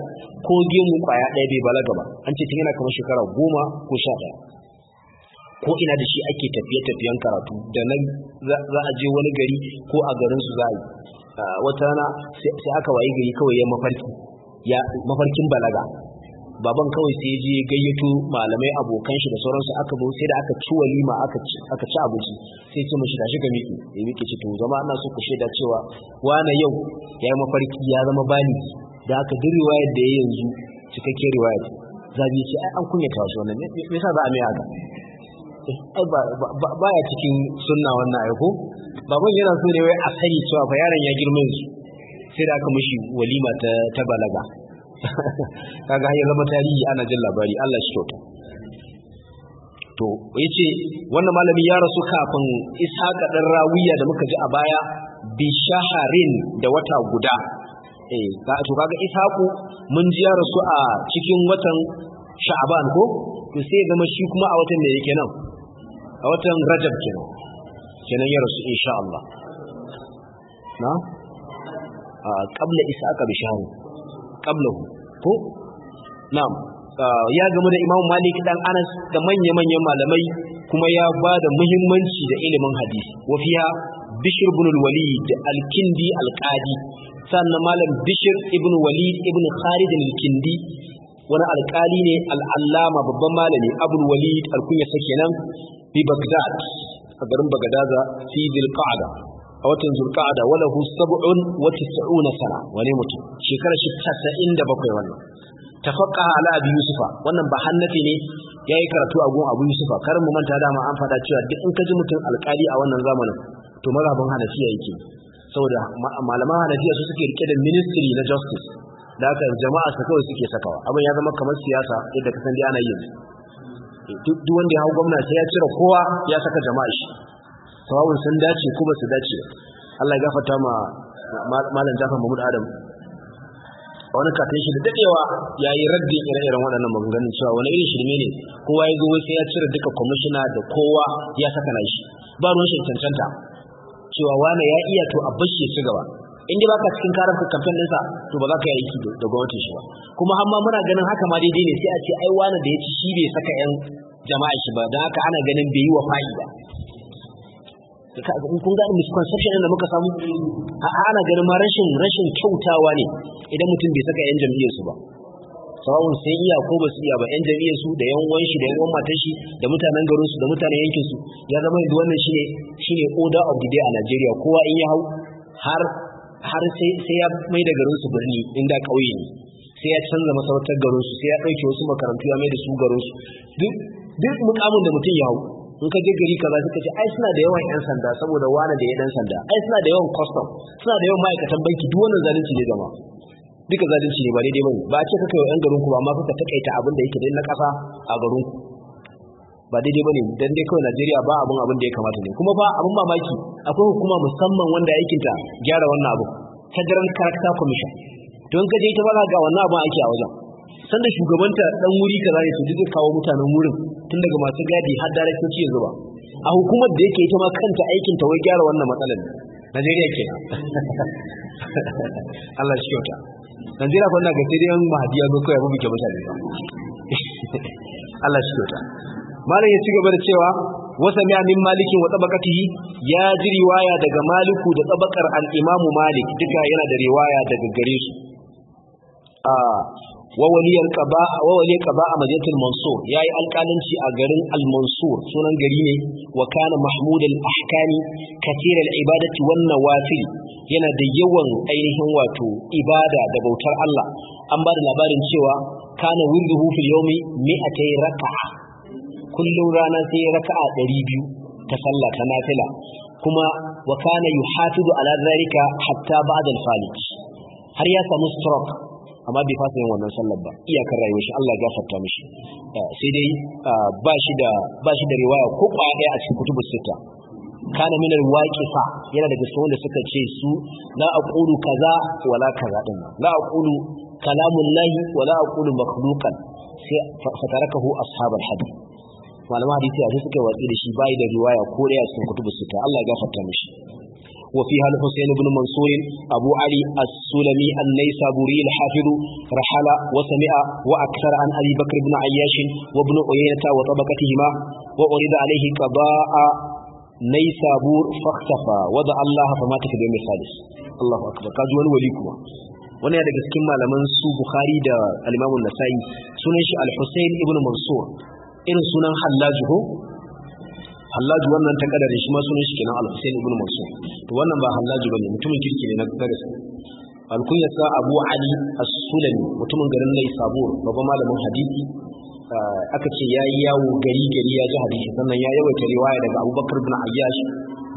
ko gemu kwaya ɗaya bai balaga ba an ce tun yana kamar shekara goma ko sha ɗaya ko ina da shi ake tafiye-tafiyen karatu da nan za a je wani gari ko a garin su za a yi ah, wata rana sai aka waye gari kawai ya mafarki ya mafarkin balaga baban kawai sai je gayyato malamai abokan shi da sauransu aka zo sai da aka ci walima aka ci aka abinci sai ce mishi tashi ga miki ya miki ce to zama ana so ku shaida cewa wani yau ya yi mafarki ya zama bali da aka duk riwayar da ya yanzu cikakken riwayar zabi ce ai an kunya wasu wannan me yasa za a mai haka baya cikin sunna wannan aiko baban yana so ne wai a sani cewa fa yaron ya girma su. sai da aka mishi walima ta ta balaga kaga har ya zama tarihi ana jin labari Allah shi kyauta to yace wannan malami ya rasu kafin Ishaqa dan Rawiya da muka ji a baya bi shaharin da wata guda eh to kaga Ishaqu mun ji ya rasu a cikin watan Sha'aban ko to sai ya zama shi kuma a watan da yake nan a watan rajab kenan kenan ya rasu insha Allah na a qabla isaqa bi kabla ko na'am ya gamu da Imam Malik dan Anas da manya-manyan malamai kuma ya ba da muhimmanci da ilimin hadisi wa fiha Bishr ibn al-Walid al-Kindi al-Qadi sannan malam Bishr ibn Walid ibn Khalid al-Kindi wani alƙali ne al'allama babban malami abul walid alkunya sa kenan bi bagdad a garin bagadaza fi zulqa'da a watan zulqa'da wala hu sab'un wa tis'una sana wani mutum shekara shi da bakwai wannan tafaqqa ala abi yusufa wannan ba hannafi ne ya yi karatu a gun abu yusufa Karin mu manta dama an fada cewa duk in ka ji mutum alƙali a wannan zamanin to mazhabin hanafiya yake saboda malaman hanafiya su suke rike da ministry na justice da haka jama'a su kawai suke sakawa abin ya zama kamar siyasa yadda ka san dai ana yin duk wanda ya hau gwamna sai ya cire kowa ya saka jama'a shi sawawun sun dace kuma su dace Allah ya gafarta ma malam Jafar Mahmud Adam wani katon shi da dadewa ya yi raddin ire-iren waɗannan maganganun cewa wani irin shirme ne kowa ya zo sai ya cire duka kwamishina da kowa ya saka na shi ba ruwan shi cancanta cewa wane ya iya to a bashi su gaba in baka cikin karar kamfen ɗinsa to ba za ka yi aiki da gwamnatin shi ba kuma har ma muna ganin haka ma daidai ne sai a ce ai wani da ya ci shi bai saka yan jama'a shi ba Dan haka ana ganin bai yi wa fa'i ba kun ga misconception da muka samu ana ganin ma rashin rashin kyautawa ne idan mutum bai saka yan su ba sawun sai iya ko ba su iya ba yan jami'ar su da yan uwan shi da yan uwan matar shi da mutanen garin su da mutanen yankin su ya zama yanzu wannan shine shine order of the day a Najeriya kowa in ya hau har har sai ya mai da garin su birni inda ƙauye ne sai ya canza masarautar garin su sai ya ɗauke wasu makarantu ya mai da su garin su duk duk mukamin da mutum ya hau in ka je gari kaza suka ce ai suna da yawan yan sanda saboda wani da ya dan sanda ai suna da yawan custom suna da yawan ma'aikatan banki duk wannan zalunci ne gama duka zalunci ne ba daidai bane ba a ce kaka yau yan garin ku ba amma kuka takaita abin da yake da na ƙasa a garin ku ba daidai bane dan dai kawai Najeriya ba abun abin da ya kamata ne kuma ba abun mamaki akwai hukuma musamman wanda aikin ta gyara wannan abu Federal Character Commission don kaje ita ba za ga wannan abun ake a wajen sanda shugabanta dan wuri kaza ne su duka kawo mutanen wurin tun daga masu gadi har daraktoci ya zuba. a hukumar da yake ita ma kanta aikin ta wai gyara wannan matsalar Najeriya ke Allah shi kyauta Najeriya kuma na ga sai dai mahadi ya zo kawai ya mutane Allah shi kyauta malam ya ci gaba da cewa wasa mi'a min malikin wa tabaqatihi ya ji riwaya daga maliku da tabaqar al-imam malik duka yana da riwaya daga gare su a wa kaba a wa waliyar Mansur ya mansur yayi alƙalanci a garin al-mansur sunan gari ne wa kana mahmud al-ahkami kathir al-ibadati wan nawafil yana da yawan ainihin wato ibada da bautar Allah an ba da labarin cewa kana wirduhu fil yawmi mi'atay raka." kullum rana sai ya a ɗari biyu ta sallah ta nafila kuma wa kana yuhafizu ala zalika hatta ba'da da falij har ya samu stroke amma bai fasa yin wannan sallar ba iyakar rayuwar shi Allah ya gafarta mishi sai dai ba shi da ba shi da riwaya ko kwaya ɗaya a cikin kutubus sita kana minar waqifa yana daga cikin wanda suka ce su la aqulu kaza wala kaza din la aqulu kalamullahi wala aqulu makhluqan sai fatarakahu ashabul hadith malaman hadisi a suka watsi da shi bai da riwaya ko da ya cikin kutubu sita Allah ya gafarta mishi wa fi hal Husayn ibn Mansur Abu Ali As-Sulami An-Naysaburi Al-Hafiz rahala wa sami'a wa akthara an Abi Bakr ibn Ayyash wa ibn Uyaynah wa tabaqatihima wa urida alayhi qada'a Naysabur fakhtafa wa da Allah fa mata kabe misalis Allahu akbar kaji wani wali kuma wannan daga cikin malaman su Bukhari da Al-Imam An-Nasa'i sunan shi Al-Husayn ibn Mansur irin sunan hallaji ko hallaji wannan ta kadare shi ma sunan shi kenan al-husayn ibn mansur to wannan ba hallaji bane mutumin kirki ne na kadare alkunya sa abu ali as-sulami mutumin garin lai sabur baba malamin hadisi ah, aka ce ya yi yawo gari gari ya ji hadisi sannan ya yawaita riwaya daga abubakar bin ayyash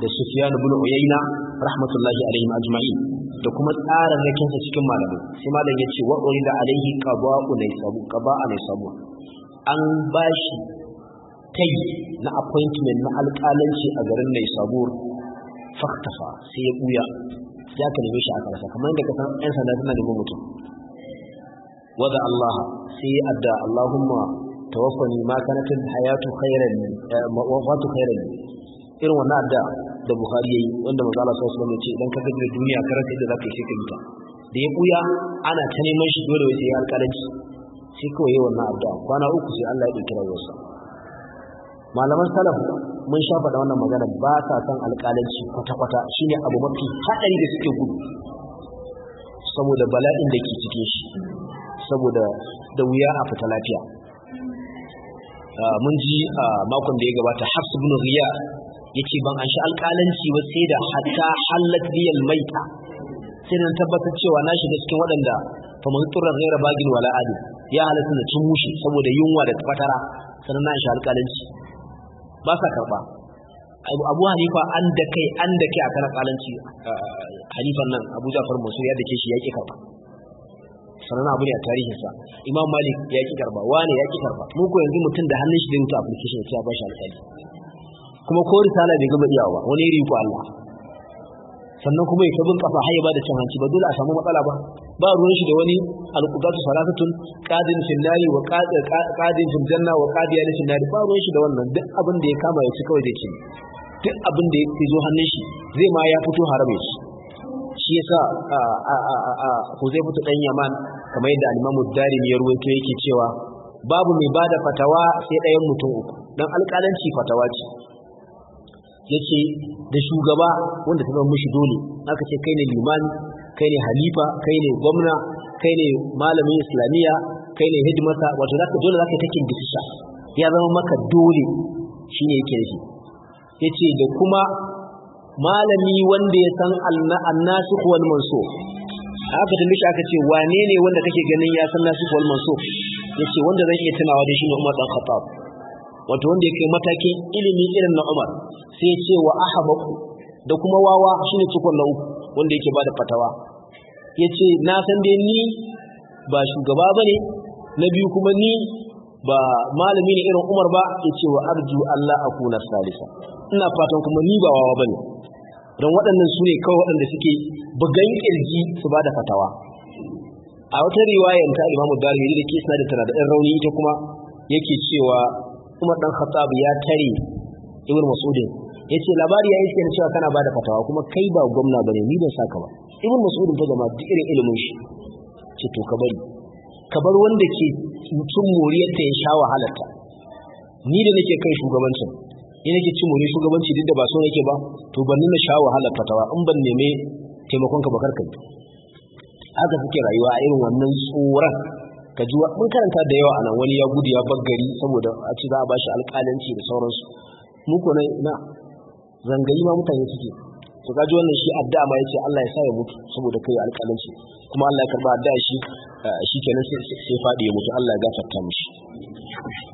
da sufyan bin uyayna rahmatullahi alaihim ajma'in da kuma tsarin rakinsa cikin malamai sai malam ya ce wa alaihi qaba'u nay qaba'a an bashi kai na appointment na alƙalanci a garin mai sabuwar faktafa sai ya ɓuya ya ka neme shi a karasa kamar yadda kasan san ɗan sanda suna da mutum wadda Allah sai ya adda Allahumma tawaffani ma kanat hayatu khairan eh, wafatu khairan irin wannan adda da Bukhari yayi wanda manzo Allah sallallahu alaihi wasallam ya ce idan ka ga duniya karanta yadda zaka yi sai ka da ya buya ana ta neman shi dole sai ya alƙalanci shi kawai yi wannan addu'a kwana uku sai Allah ya ɗauki rayuwarsa malaman salaf mun sha faɗa wannan magana ba ta san alƙalanci kwata-kwata shi ne abu mafi haɗari da suke gudu saboda bala'in da ke cikin shi saboda da wuya a fita lafiya mun ji a makon da ya gabata hafs ibn riya ce ban an sha alƙalanci ba sai da hatta halat maita sai na tabbatar cewa na shiga cikin waɗanda fa mun turra ghaira bagin wala adu ya halatta da cin mushi saboda yunwa da fatara sanan na shi alƙalanci ba sa karba Abu Hanifa an da kai an da kai akan alƙalanci Hanifan nan Abu Ja'far Mansur ya dake shi yaki karba sanan abu ne a tarihinsa Imam Malik ya ki karba wani ya ki karba mu ko yanzu mutum da hannun shi da mutu application ya ba shi alƙali kuma ko risala bai gaba iyawa wani riko Allah sannan kuma ya tabin kafa har ya bada cin hanci ba dole a samu matsala ba ba ruwan shi da wani alqudatu salatatun qadin fil nari wa qadin fil janna wa qadiyan fil nari ba ruwan shi da wannan duk abin da ya kama ya ci kawai da ci duk abin da ya zo hannun shi zai ma ya fito haram ya ci shi yasa zai fito dan yaman kamar yadda al-imamu darimi ya ruwaito yake cewa babu mai bada fatawa sai ɗayan mutum uku dan alƙalanci fatawa ce yace da shugaba wanda ta zama mushi dole aka ce kai ne limami kai ne halifa kai ne gwamna kai ne malamin islamiyya kai ne hidimarsa wato ka dole zaka take disisa ya zama maka dole shine yake shi. yace da kuma malami wanda ya san annasu wal mansukh aka tambaye aka ce wane ne wanda kake ganin ya san nasikh wal mansukh yace wanda zan iya tunawa da shi ne Umar dan Khattab wato wanda ya kai matakin ilimi irin na Umar sai ce wa ahabaku da kuma wawa shine cikon na uku wanda yake bada fatawa yace na san dai ni ba shugaba bane na biyu kuma ni ba malami ne irin Umar ba yace wa arju Allah akuna salisa ina fatan kuma ni ba wawa bane don waɗannan su ne kawai waɗanda suke bugan kirji su bada fatawa a wata riwayar ta Imam Darimi da ke sanar da tana da ɗan rauni ita kuma yake cewa Umar dan Khattab ya tare Ibn Mas'ud yace labari ya iske cewa kana bada fatawa kuma kai ba gwamna bane ni ban saka ba Ibn Mas'ud ta jama'a duk irin ilimin shi ce to ka bari ka bar wanda ke mutum moriyar ta ya sha wahalarta ni da nake kai shugabancin ni nake ci moriyar shugabanci duk da ba so nake ba to ban nuna sha wahalar fatawa in ban neme taimakon ka bakar kai haka suke rayuwa a irin wannan tsoron ka ji mun karanta da yawa anan wani ya gudu ya bar saboda a ci za a bashi alƙalanci da sauransu mu ko na zangayi ma mutane suke to kaji wannan shi addu'a ma yace Allah ya sa ya mutu saboda kai alƙalanci kuma Allah ya karba addu'a shi shikenan sai sai fadi ya mutu Allah ya gafarta mishi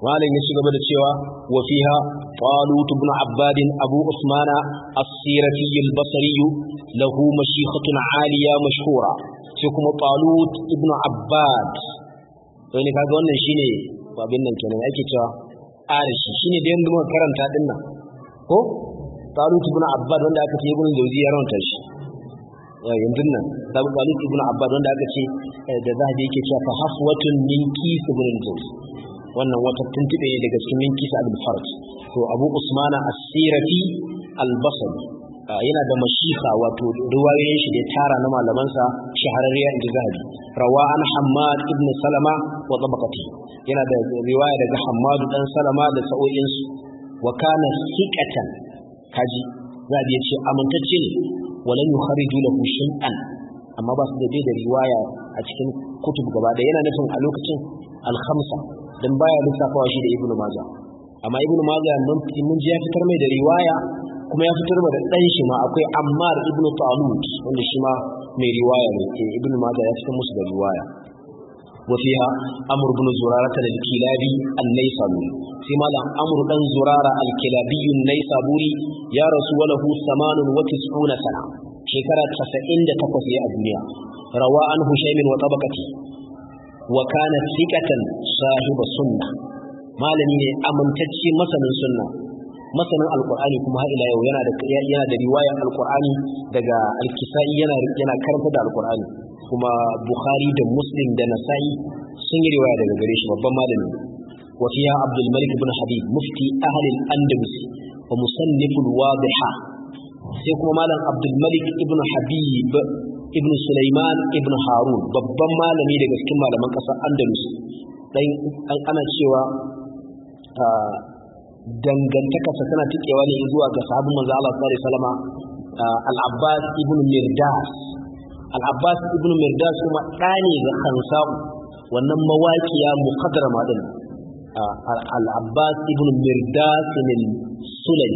malam ya shiga da cewa wa fiha talut ibn abbad abu usman as-sirati al-basri lahu mashiqatun aliya mashhura sai kuma talut ibn abbad to ne kaga wannan shine babin nan kenan ake cewa arishi shine da yanda muka karanta din nan ko Talut ibn Abbad wanda aka ce ibn Jawzi ya rawanta shi eh, yanzu nan sabu Talut ibn Abbad wanda aka ce eh, da zahabi yake cewa fa hafwatun min kis ibn Jawzi wannan wata tuntube ne daga cikin min kis al-Farj to Abu Usman as-Sirafi al-Basri Ah, yana da mashiha wato ruwayoyin shi da tara na malamansa shahararriya inji zahabi rawa an hammad ibn salama wa tabaqati yana da riwaya daga hamad dan salama da sa'o'in su wa kana siqatan kaji zabi yace ce amintacce ne walan yukhriju lahu shay'an amma ba su da da riwaya a cikin kutub gaba da yana nufin a lokacin al-khamsa dan baya lissafawa shi da ibnu Maza. amma ibnu Maza mun ji ya fitar mai da riwaya kuma ya fitar da ɗan shi ma akwai ammar ibnu talut wanda shi ma mai riwaya ne ke ibnu majah ya fitar musu da riwaya وفيها أمر بن زرارة الكلابي النيسابوري فيما لا أمر بن زرارة الكلابي النيسابوري يا رسول له ثمان وتسعون سنة شكرا تسعين تقف يا الدنيا روى عنه شيء وطبقته وكان ثقة صاحب السنة malami ne amintacce masanin sunna masanin alkur'ani kuma har ila yau yana da yana da riwayar alkur'ani daga alkisai yana yana karanta da alkur'ani kuma bukhari da muslim da nasa'i sun yi riwaya daga gare shi babban malami wa abdul malik ibn habib mufti ahli al-andalus wa musannif al-wadiha sai kuma malam abdul malik ibn habib ibn sulaiman ibn harun babban malami daga cikin malaman kasar andalus dan ana cewa ah, dangantakarsa tana tikewa ne zuwa ga sahabin manzo Allah sallallahu alaihi wasallam ah, al-Abbas ibn Mirdas al-Abbas ibn Mirdas kuma ɗa ne ga Khansa'u wannan mawaƙiya muqaddarama din ah, al-Abbas ibn Mirdas min Sulay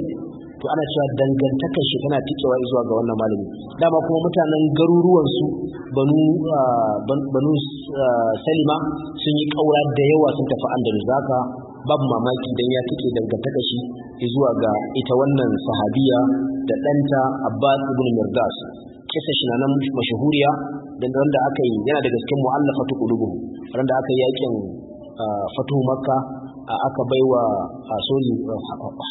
to ana cewa dangantakar shi tana tikewa zuwa ga wannan malami dama kuma mutanen garuruwan su banu ah, banu Salima sun yi kaura da yawa sun tafi Andalus haka babu mamaki dan ya take dangantaka shi zuwa ga ita wannan sahabiya da ɗanta Abbas ibn murdas kisa shi nan mashahuriya dan wanda aka yi yana daga cikin mu'allafatu qulubuh wanda aka yi yakin ah, fatu makka aka baiwa sori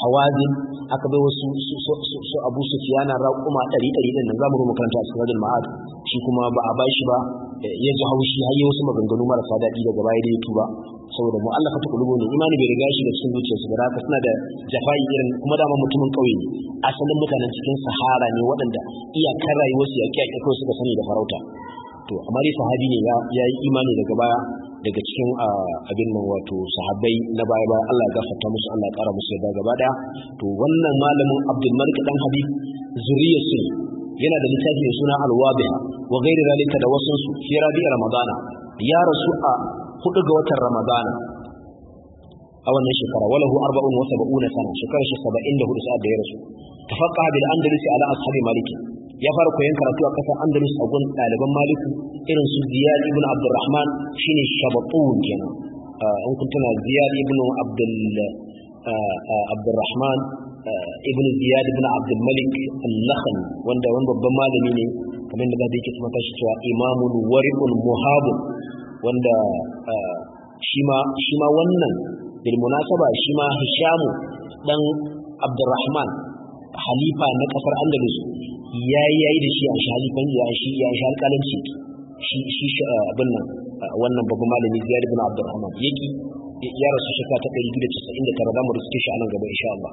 hawazin aka baiwa su su abu su fiyana raƙuma ɗari ɗari ɗin nan zamu makaranta a sirajin ma'ad shi kuma ba a bashi ba eh, ya ji haushi har wasu maganganu marasa daɗi daga baya da ya tuba saboda mu Allah fata ne imani bai riga shi da cikin zuciyarsu su haka suna da jafa'i irin kuma dama mutumin ƙauye ne asalin mutanen cikin sahara ne waɗanda iyakar rayuwarsu ya kyakkyawa suka sani da farauta to amma dai sahabi ne ya yi imani daga baya daga cikin abin nan wato sahabbai na baya baya Allah ya gafarta musu Allah ya ƙara musu yadda gaba daya to wannan malamin Abdul Malik dan Habib zuriyar su yana da littafi mai suna Al-Wabiha wa ghairi zalika da wasan su fi rabi Ramadana ya rasu a hudu ga watan Ramadana a wannan shekara walahu 40 wa 70 sana shekara 74 sa'ad da ya rasu tafaqqa bil andalusi ala ashabi maliki ya fara koyon karatu a kasar andalus a gun ɗaliban maliku irin su ziyad ibn abdurrahman shine shabatun kenan an ah, kun tana ziyad ibn ah, ah, abdurrahman ibn ziyad ibn abdul malik al-lakhan wanda wani babban malami ne kamar da zai yake kuma kashi cewa imamul wari'ul muhabun wanda shi ma wannan bil munasaba shi ma hishamu dan abdurrahman halifa na kasar andalus yayi yayi da shi a shahali kan ya shi ya shi alƙalanci shi shi ah, abin nan ah, wannan babban malami Ziyad ibn Abdurrahman Yaki ya rasu shekara ta 199 da casa'in da mu riske shi a nan gaba insha Allah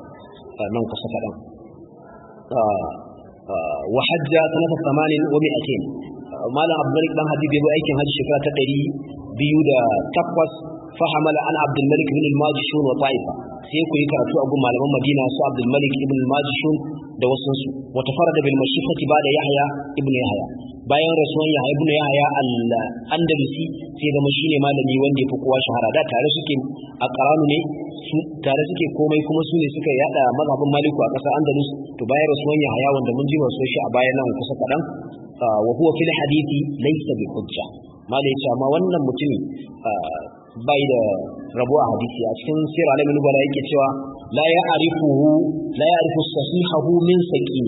ah, nan kusa kaɗan wa hajja sanata samanin wa mi'atin malam Abdulmalik dan Habib bai aikin hajji shekara ta ɗari biyu da takwas. fahamala an abdul malik ibn al-majishun wa ta'ifa sai ku yi karatu a gun malaman madina su abdul malik ibn al-majishun da wasu su wa tafarada bil mashifati ba da ibn yahya bayan rasuwan yahya ibn yahya al-andalusi sai zama shine malami wanda ya fi kowa shahara da tare suke a karanu ne tare suke komai kuma su ne suka yada mazhabin maliku a ƙasar andalus to bayan rasuwan yahya wanda mun ji masu shi a bayan nan kusa kaɗan wa huwa fil hadisi laysa bi hujja mala yace amma wannan mutumin bai da rabo a hadisi a cikin sirr alamin nubala yake cewa la hu la ya'rifu sahihahu min saki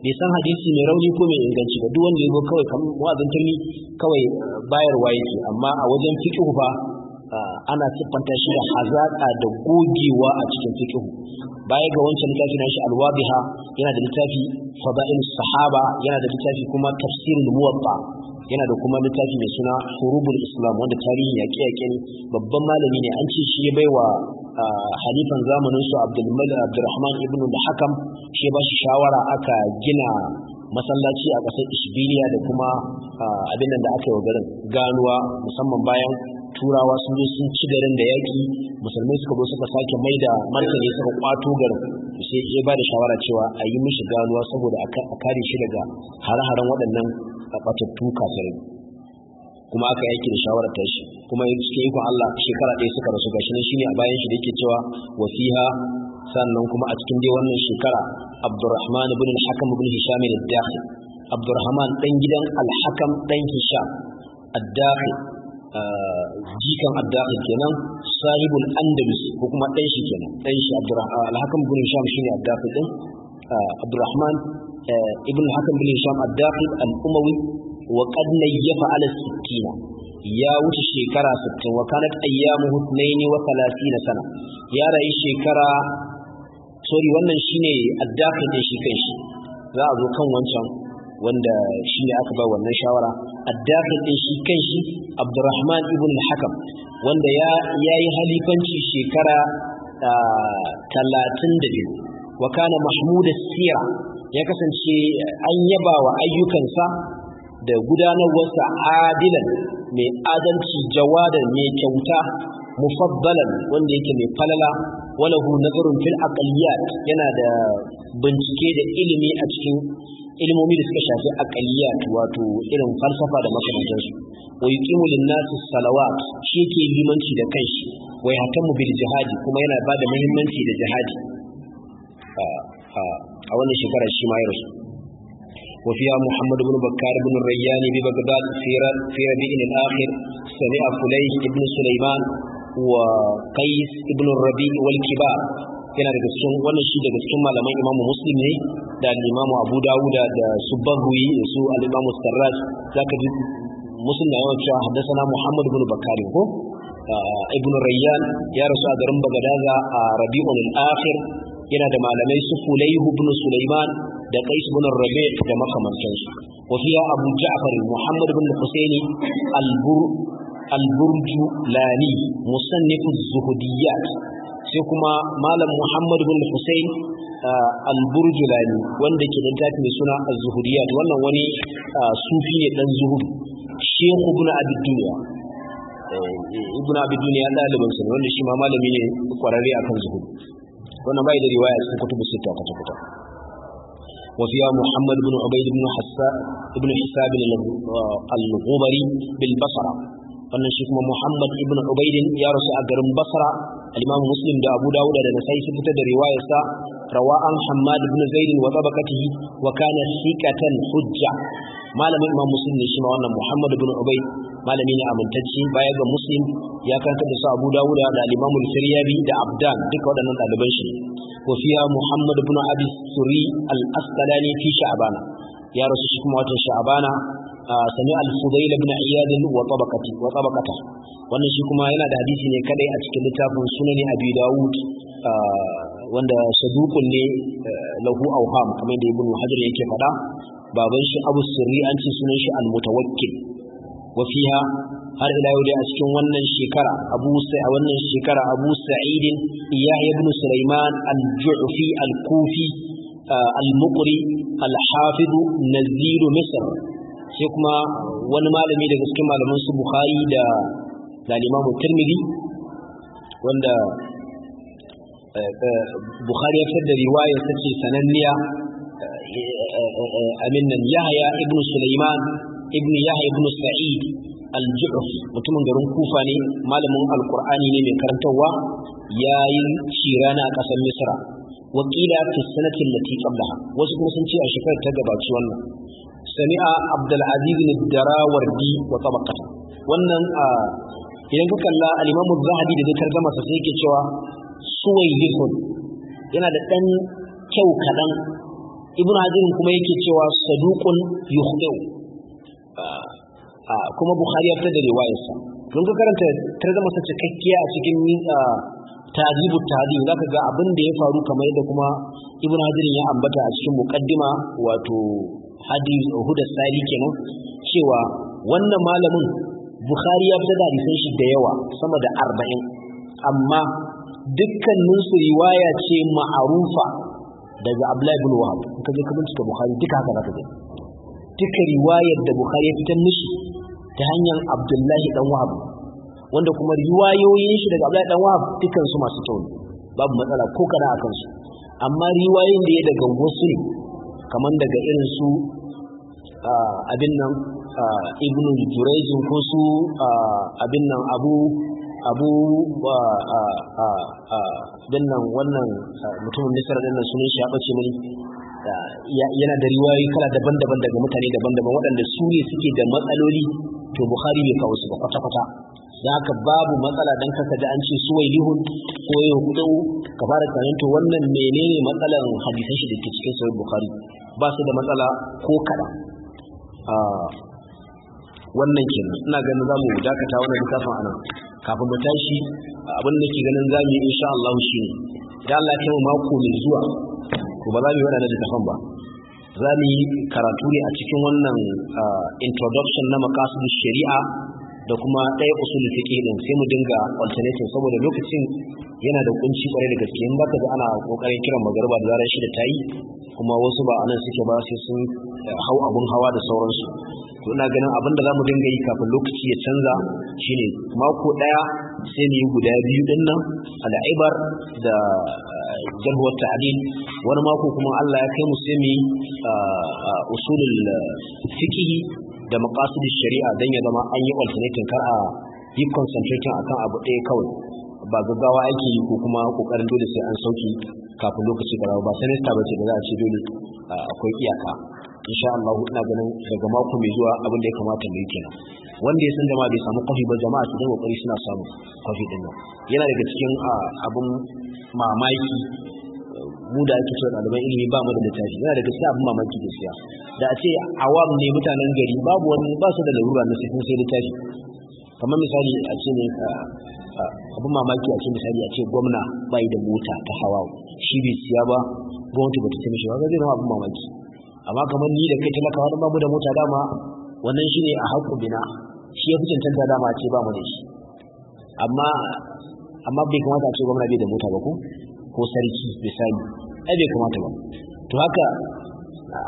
bai san hadisi mai rauni ko mai inganci ba duk wanda ya zo kawai kamar wazin kawai eh, bayarwa yake amma a wajen fikihu fa eh, ana siffanta shi da hazaƙa da gogewa a cikin fikihu baya ga wancan littafin na shi alwabiha yana da littafi fada'il sahaba yana da littafi kuma tafsirul muwatta yana da kuma littafi mai suna surubul islam wanda tarihin yaƙe yaƙe ne babban malami ne an ce shi ya bai wa ah, halifan zamanin su abdulrahman ibn da hakam shi ba shi shawara aka gina masallaci a ƙasar ishbiliya da kuma ah, abin da aka yi wa garin ganuwa musamman bayan turawa sun zo sun ci garin da yaƙi musulmai suka zo suka sake mai da martani suka kwato garin sai ya ba da shawara cewa a yi mishi ganuwa saboda a kare shi daga hare-haren waɗannan batattu kafirai kuma aka yake da shawarar tashi kuma cikin ikon Allah shekara ɗaya suka rasu gashi nan shine a bayan shi da yake cewa wa fiha sannan kuma a cikin dai wannan shekara Abdurrahman ibn al-Hakam ibn Hisham al-Dakhil Abdurrahman dan gidan al-Hakam dan Hisham al-Dakhil ah, jikan al-Dakhil kenan sahibul Andalus ko kuma dan shi kenan dan shi Abdurrahman ah, al-Hakam ibn Hisham shine al-Dakhil din ah, Abdurrahman ibn hakan bin sham ad-dakhil al-umawi wa qad nayyafa ala sittina ya wuce shekara 60 wa kanat ayyamuhu 32 sana ya rayu shekara sorry wannan shine ad-dakhil din shi kanshi za a zo kan wancan wanda shi ne aka ba wannan shawara addafin din shi kanshi abdurrahman ibn al-hakam wanda ya yi halifanci shekara talatin da biyu wa kana mahmud sira ya kasance an yaba wa ayyukansa da gudanarwarsa adilan mai adalci jawadar mai kyauta mufabbalan wanda yake mai falala walahu nazarun fil aqliyat yana da bincike da ilimi a cikin ilmomi da suka shafi aqliyat wato irin falsafa da makarantarsu. su wa yuqimu lin nasi salawat shi yake limanci da kanshi wa yahtamu bil jihadi kuma yana bada muhimmanci da jihadi ah, ah. a wannan shekarar shi ma ya rasu وفيها محمد بن بكار بن الريان ببغداد في ربيع الآخر سمع فليح بن سليمان وقيس بن الربيع والكبار yana daga cikin wannan shi daga cikin malaman imamu muslim ne da imamu abu dawuda da su bahuyi da su al-imamu sarraj zaka ji muslim na yawan cewa haddasa muhammad bin bakari ko ah, ibn rayyan ya rasu a garin bagadaza a rabi'ul yana da malamai su Fulayhu ibn Sulaiman da Qais ibn Rabi' da makamantansu wa fiya Abu Ja'far Muhammad ibn Husaini al-Bur al-Burjulani musannif az-Zuhudiyat sai kuma malam Muhammad ibn Husain ah, al burju Lani wanda ke da littafi mai suna az-Zuhudiyat wannan wani ah, sufi ne dan zuhud Sheikh ibn Abi Dunya eh, ibn Abi Dunya ɗalibansa wanda shi ma malami ne kwararre akan zuhud wannan bai da riwaya cikin kutubu sita ka tabbata وفي محمد بن عبيد بن حسا ابن حساب الغبري بالبصرة قلنا الشيخ محمد بن عبيد يا رسع قرم بصرة الإمام مسلم دا أبو داود دا نسيس فتد رواية سا رواء حماد بن زيد وطبقته وكان ثقة حجة ما لم إمام مسلم نشمع محمد بن عبيد malami ne amintacci baya ga muslim ya karanta da su abu dawud da alimamul firyabi da abdan duka waɗannan ɗaliban shi ko fiya muhammad ibn abi suri al-asqalani fi sha'bana ya rasu shi kuma watan sha'bana sami al-fudayl ibn iyad wa tabaqati wa tabaqata wannan shi kuma yana da hadisi ne kadai a cikin littafin sunan abi dawud wanda saduqun ne lahu awham kamar da ibn hajar yake faɗa baban shi abu sirri an ce sunan shi al-mutawakkil wafiha har ila yau dai a cikin wannan shekara abu sai a wannan shekara abu sa'id sulaiman al-ju'fi al-kufi ah, al-muqri al-hafid nazir misr sai kuma wani malami daga cikin malaman su bukhari da da imamu tirmidhi wanda eh, eh, bukhari ya fitar da riwaya sace sananniya eh, amin nan yahya ibn sulaiman ibn yahya ibn sa'id al-ju'fi mutumin garin kufa ne malamin alqur'ani ne mai karantarwa yayin cirana a ƙasar misra wakila fi sanatin lati qablaha wasu kuma sun ce a shekarar ta gabaci wannan sami'a abdul aziz bin darawardi wa tabaqata wannan idan ka kalla al-imam az-zahabi da zikar gama sai yake cewa suwayyihun yana da dan kyau kadan ibnu hajar kuma yake cewa saduqun yukhdi'u Ah, kuma bukhari ya fitar da riwayarsa don ka karanta da masa cikakkiya a cikin ah, tajibu tazi za ka ga abin da ya faru kamar yadda kuma ibn hajar ya ambata a cikin muqaddima wato hadith hudas sari kenan cewa wannan malamin bukhari ya fitar da hadisan shi da yawa sama da arba'in amma dukkanin su riwaya ce ma'arufa daga abdullahi ibn wahab kaje ka bincika bukhari duka haka zaka gani duka riwayar da Bukhari ya fitar mishi ta hanyar Abdullahi dan Wahab wanda kuma riwayoyin shi daga Abdullahi dan Wahab dukan su masu kyau babu matsala ko kana akan su amma riwayoyin da ya daga wasu kamar daga irin su abin nan ibnu Jurayz ko su abin nan abu abu abin nan wannan mutumin misar din nan sunan shi ya bace mini yana da riwayoyi kala daban-daban daga mutane daban-daban waɗanda su ne suke da matsaloli to bukhari bai kawo su ba kwata-kwata da haka babu matsala dan kasa da an ce suwai lihun ko yau kudu ka fara tsanin to wannan menene matsalan hadisan shi da ke cikin sahih bukhari ba su da matsala ko kada ah, wannan kenan ina ganin zamu dakata wannan littafin anan kafin mu tashi abin da ke ganin zamu yi insha Allah shine da Allah ya mako mai zuwa ko ba za mu yi da littafan ba za mu yi karatu ne a cikin wannan ah, introduction na makasin shari'a da kuma ɗaya usulun fiƙi ɗin sai mu dinga alternating saboda lokacin yana da kunci kwarai da gaske in baka da ana kokarin kiran magarba da zarar shida tayi kuma wasu ba anan suke ba sai sun eh, hau abun hawa da sauransu to ina ganin abin da mu dinga yi kafin lokaci ya canza shine mako ɗaya sai mu yi guda biyu din nan al'ibar da jarh ta'dil wani mako kuma Allah ya kai mu sai mu ah, ah, usulul ah, fiqh da maqasid shari'a dan ya zama an yi alternating kar a yi concentrating akan abu ɗaya kawai ba gaggawa ake ko kuma kokarin dole sai an sauki kafin lokaci da ba sanista ba ce da za a ce dole akwai iyaka insha Allah ina ganin daga mako mai zuwa abin da ya kamata mu yi kenan wanda ya san jama'a bai samu kofi ba jama'a su zama kokari suna samu kofi din nan yana daga cikin abun mamaki mu da ake cewa ɗaliban ilimi ba mu da littafi yana daga cikin abin mamaki gaskiya da a ce awam ne mutanen gari babu wani ba su da larura na sai sai littafi kamar misali a ce ne abin mamaki a ce misali a ce gwamna ba yi da mota ta hawa shi bai siya ba gwamnati ba ta sai mishi ba zai zama abin mamaki amma kamar ni da kai talakawa ba mu da mota dama wannan shine a haƙƙu bina shi ya fi cancanta dama ce ba mu da shi amma amma bai kamata ce gwamna bai da mota ba ko ko sarki misali ai bai kamata ba to haka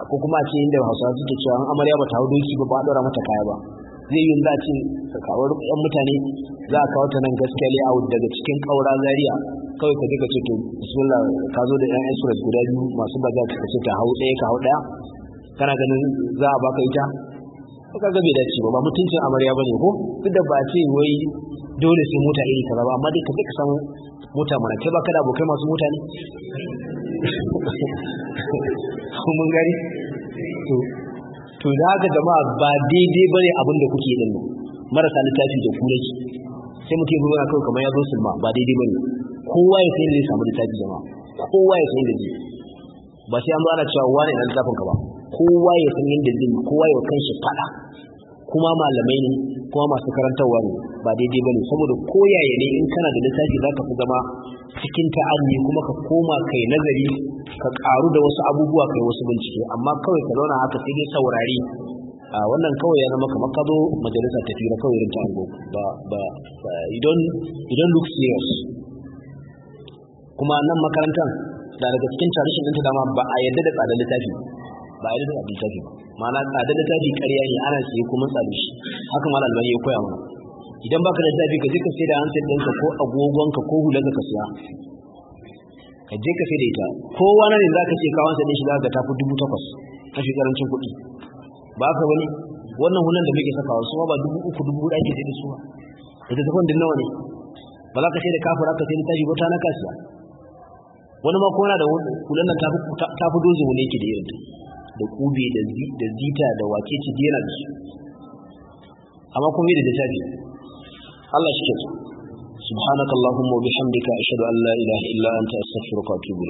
ko kuma ce inda hausawa suke cewa an amarya bata hau doki ba ba dora mata kaya ba zai yi za a ce kawar yan mutane za a kawo ta nan gaskiya ne out daga cikin kaura zaria kawai ka je ka ce to bismillah ka zo da yan insurance guda biyu masu baza ka ce ta hau ɗaya ka hau ɗaya kana ganin za a baka ita ka ga bai dace ba ba mutuncin amarya bane ko duk da ba ce wai dole sai mota iri kaza ba amma dai ka ka san mota mana kai ba kada abokai masu mota ne mun gari to to da ga jama'a ba daidai bane abin da kuke din marasa littafi da kuma ki sai muke ya kawai kamar ya zo sulma ba daidai bane kowa ya sai ne samu littafi jama'a kowa ya sai da ji ba sai an zo ana cewa wani ɗan littafin ka ba kowa ya san yadda zai kowa ya kanshi faɗa kuma malamai ne kuma masu karantarwa ne ba daidai bane saboda koyaye ne in kana da littafi zaka fi zama cikin ta'anni kuma ka koma kai nazari ka karu da wasu abubuwa kai wasu bincike amma kawai ka zauna haka sai dai saurari a wannan kawai ya zama kamar zo majalisa ta na kawai irin ango ba ba you don't look serious kuma nan makarantar da daga cikin tradition ɗinta dama ba a yadda da tsada littafi ba a da littafi ba ma'ana tsadar littafi ƙarya ne ana siye ko mun tsare shi haka malam albani ya koya mana idan baka da littafi ka je ka sai da hanset ɗinka ko agogonka ko hulanka ka siya ka je ka sai da ita kowa na ne za ka ce kawansa ɗin shi za ka tafi dubu takwas na shi ƙarancin kuɗi ba ka wani wannan hulan da muke sakawa su ba dubu uku dubu huɗu ake sai da su ba da ta tafi nawa ne ba za ka sai da kafin aka sai da tashi ba ta na kasiya wani ma kona da hulan nan tafi dozin wani yake da irin ta da kube da zita da wake ci yana da su amma kuma da jajabi Allah shi ke subhanakallahumma wa bihamdika ashhadu an la ilaha illa anta astaghfiruka wa atubu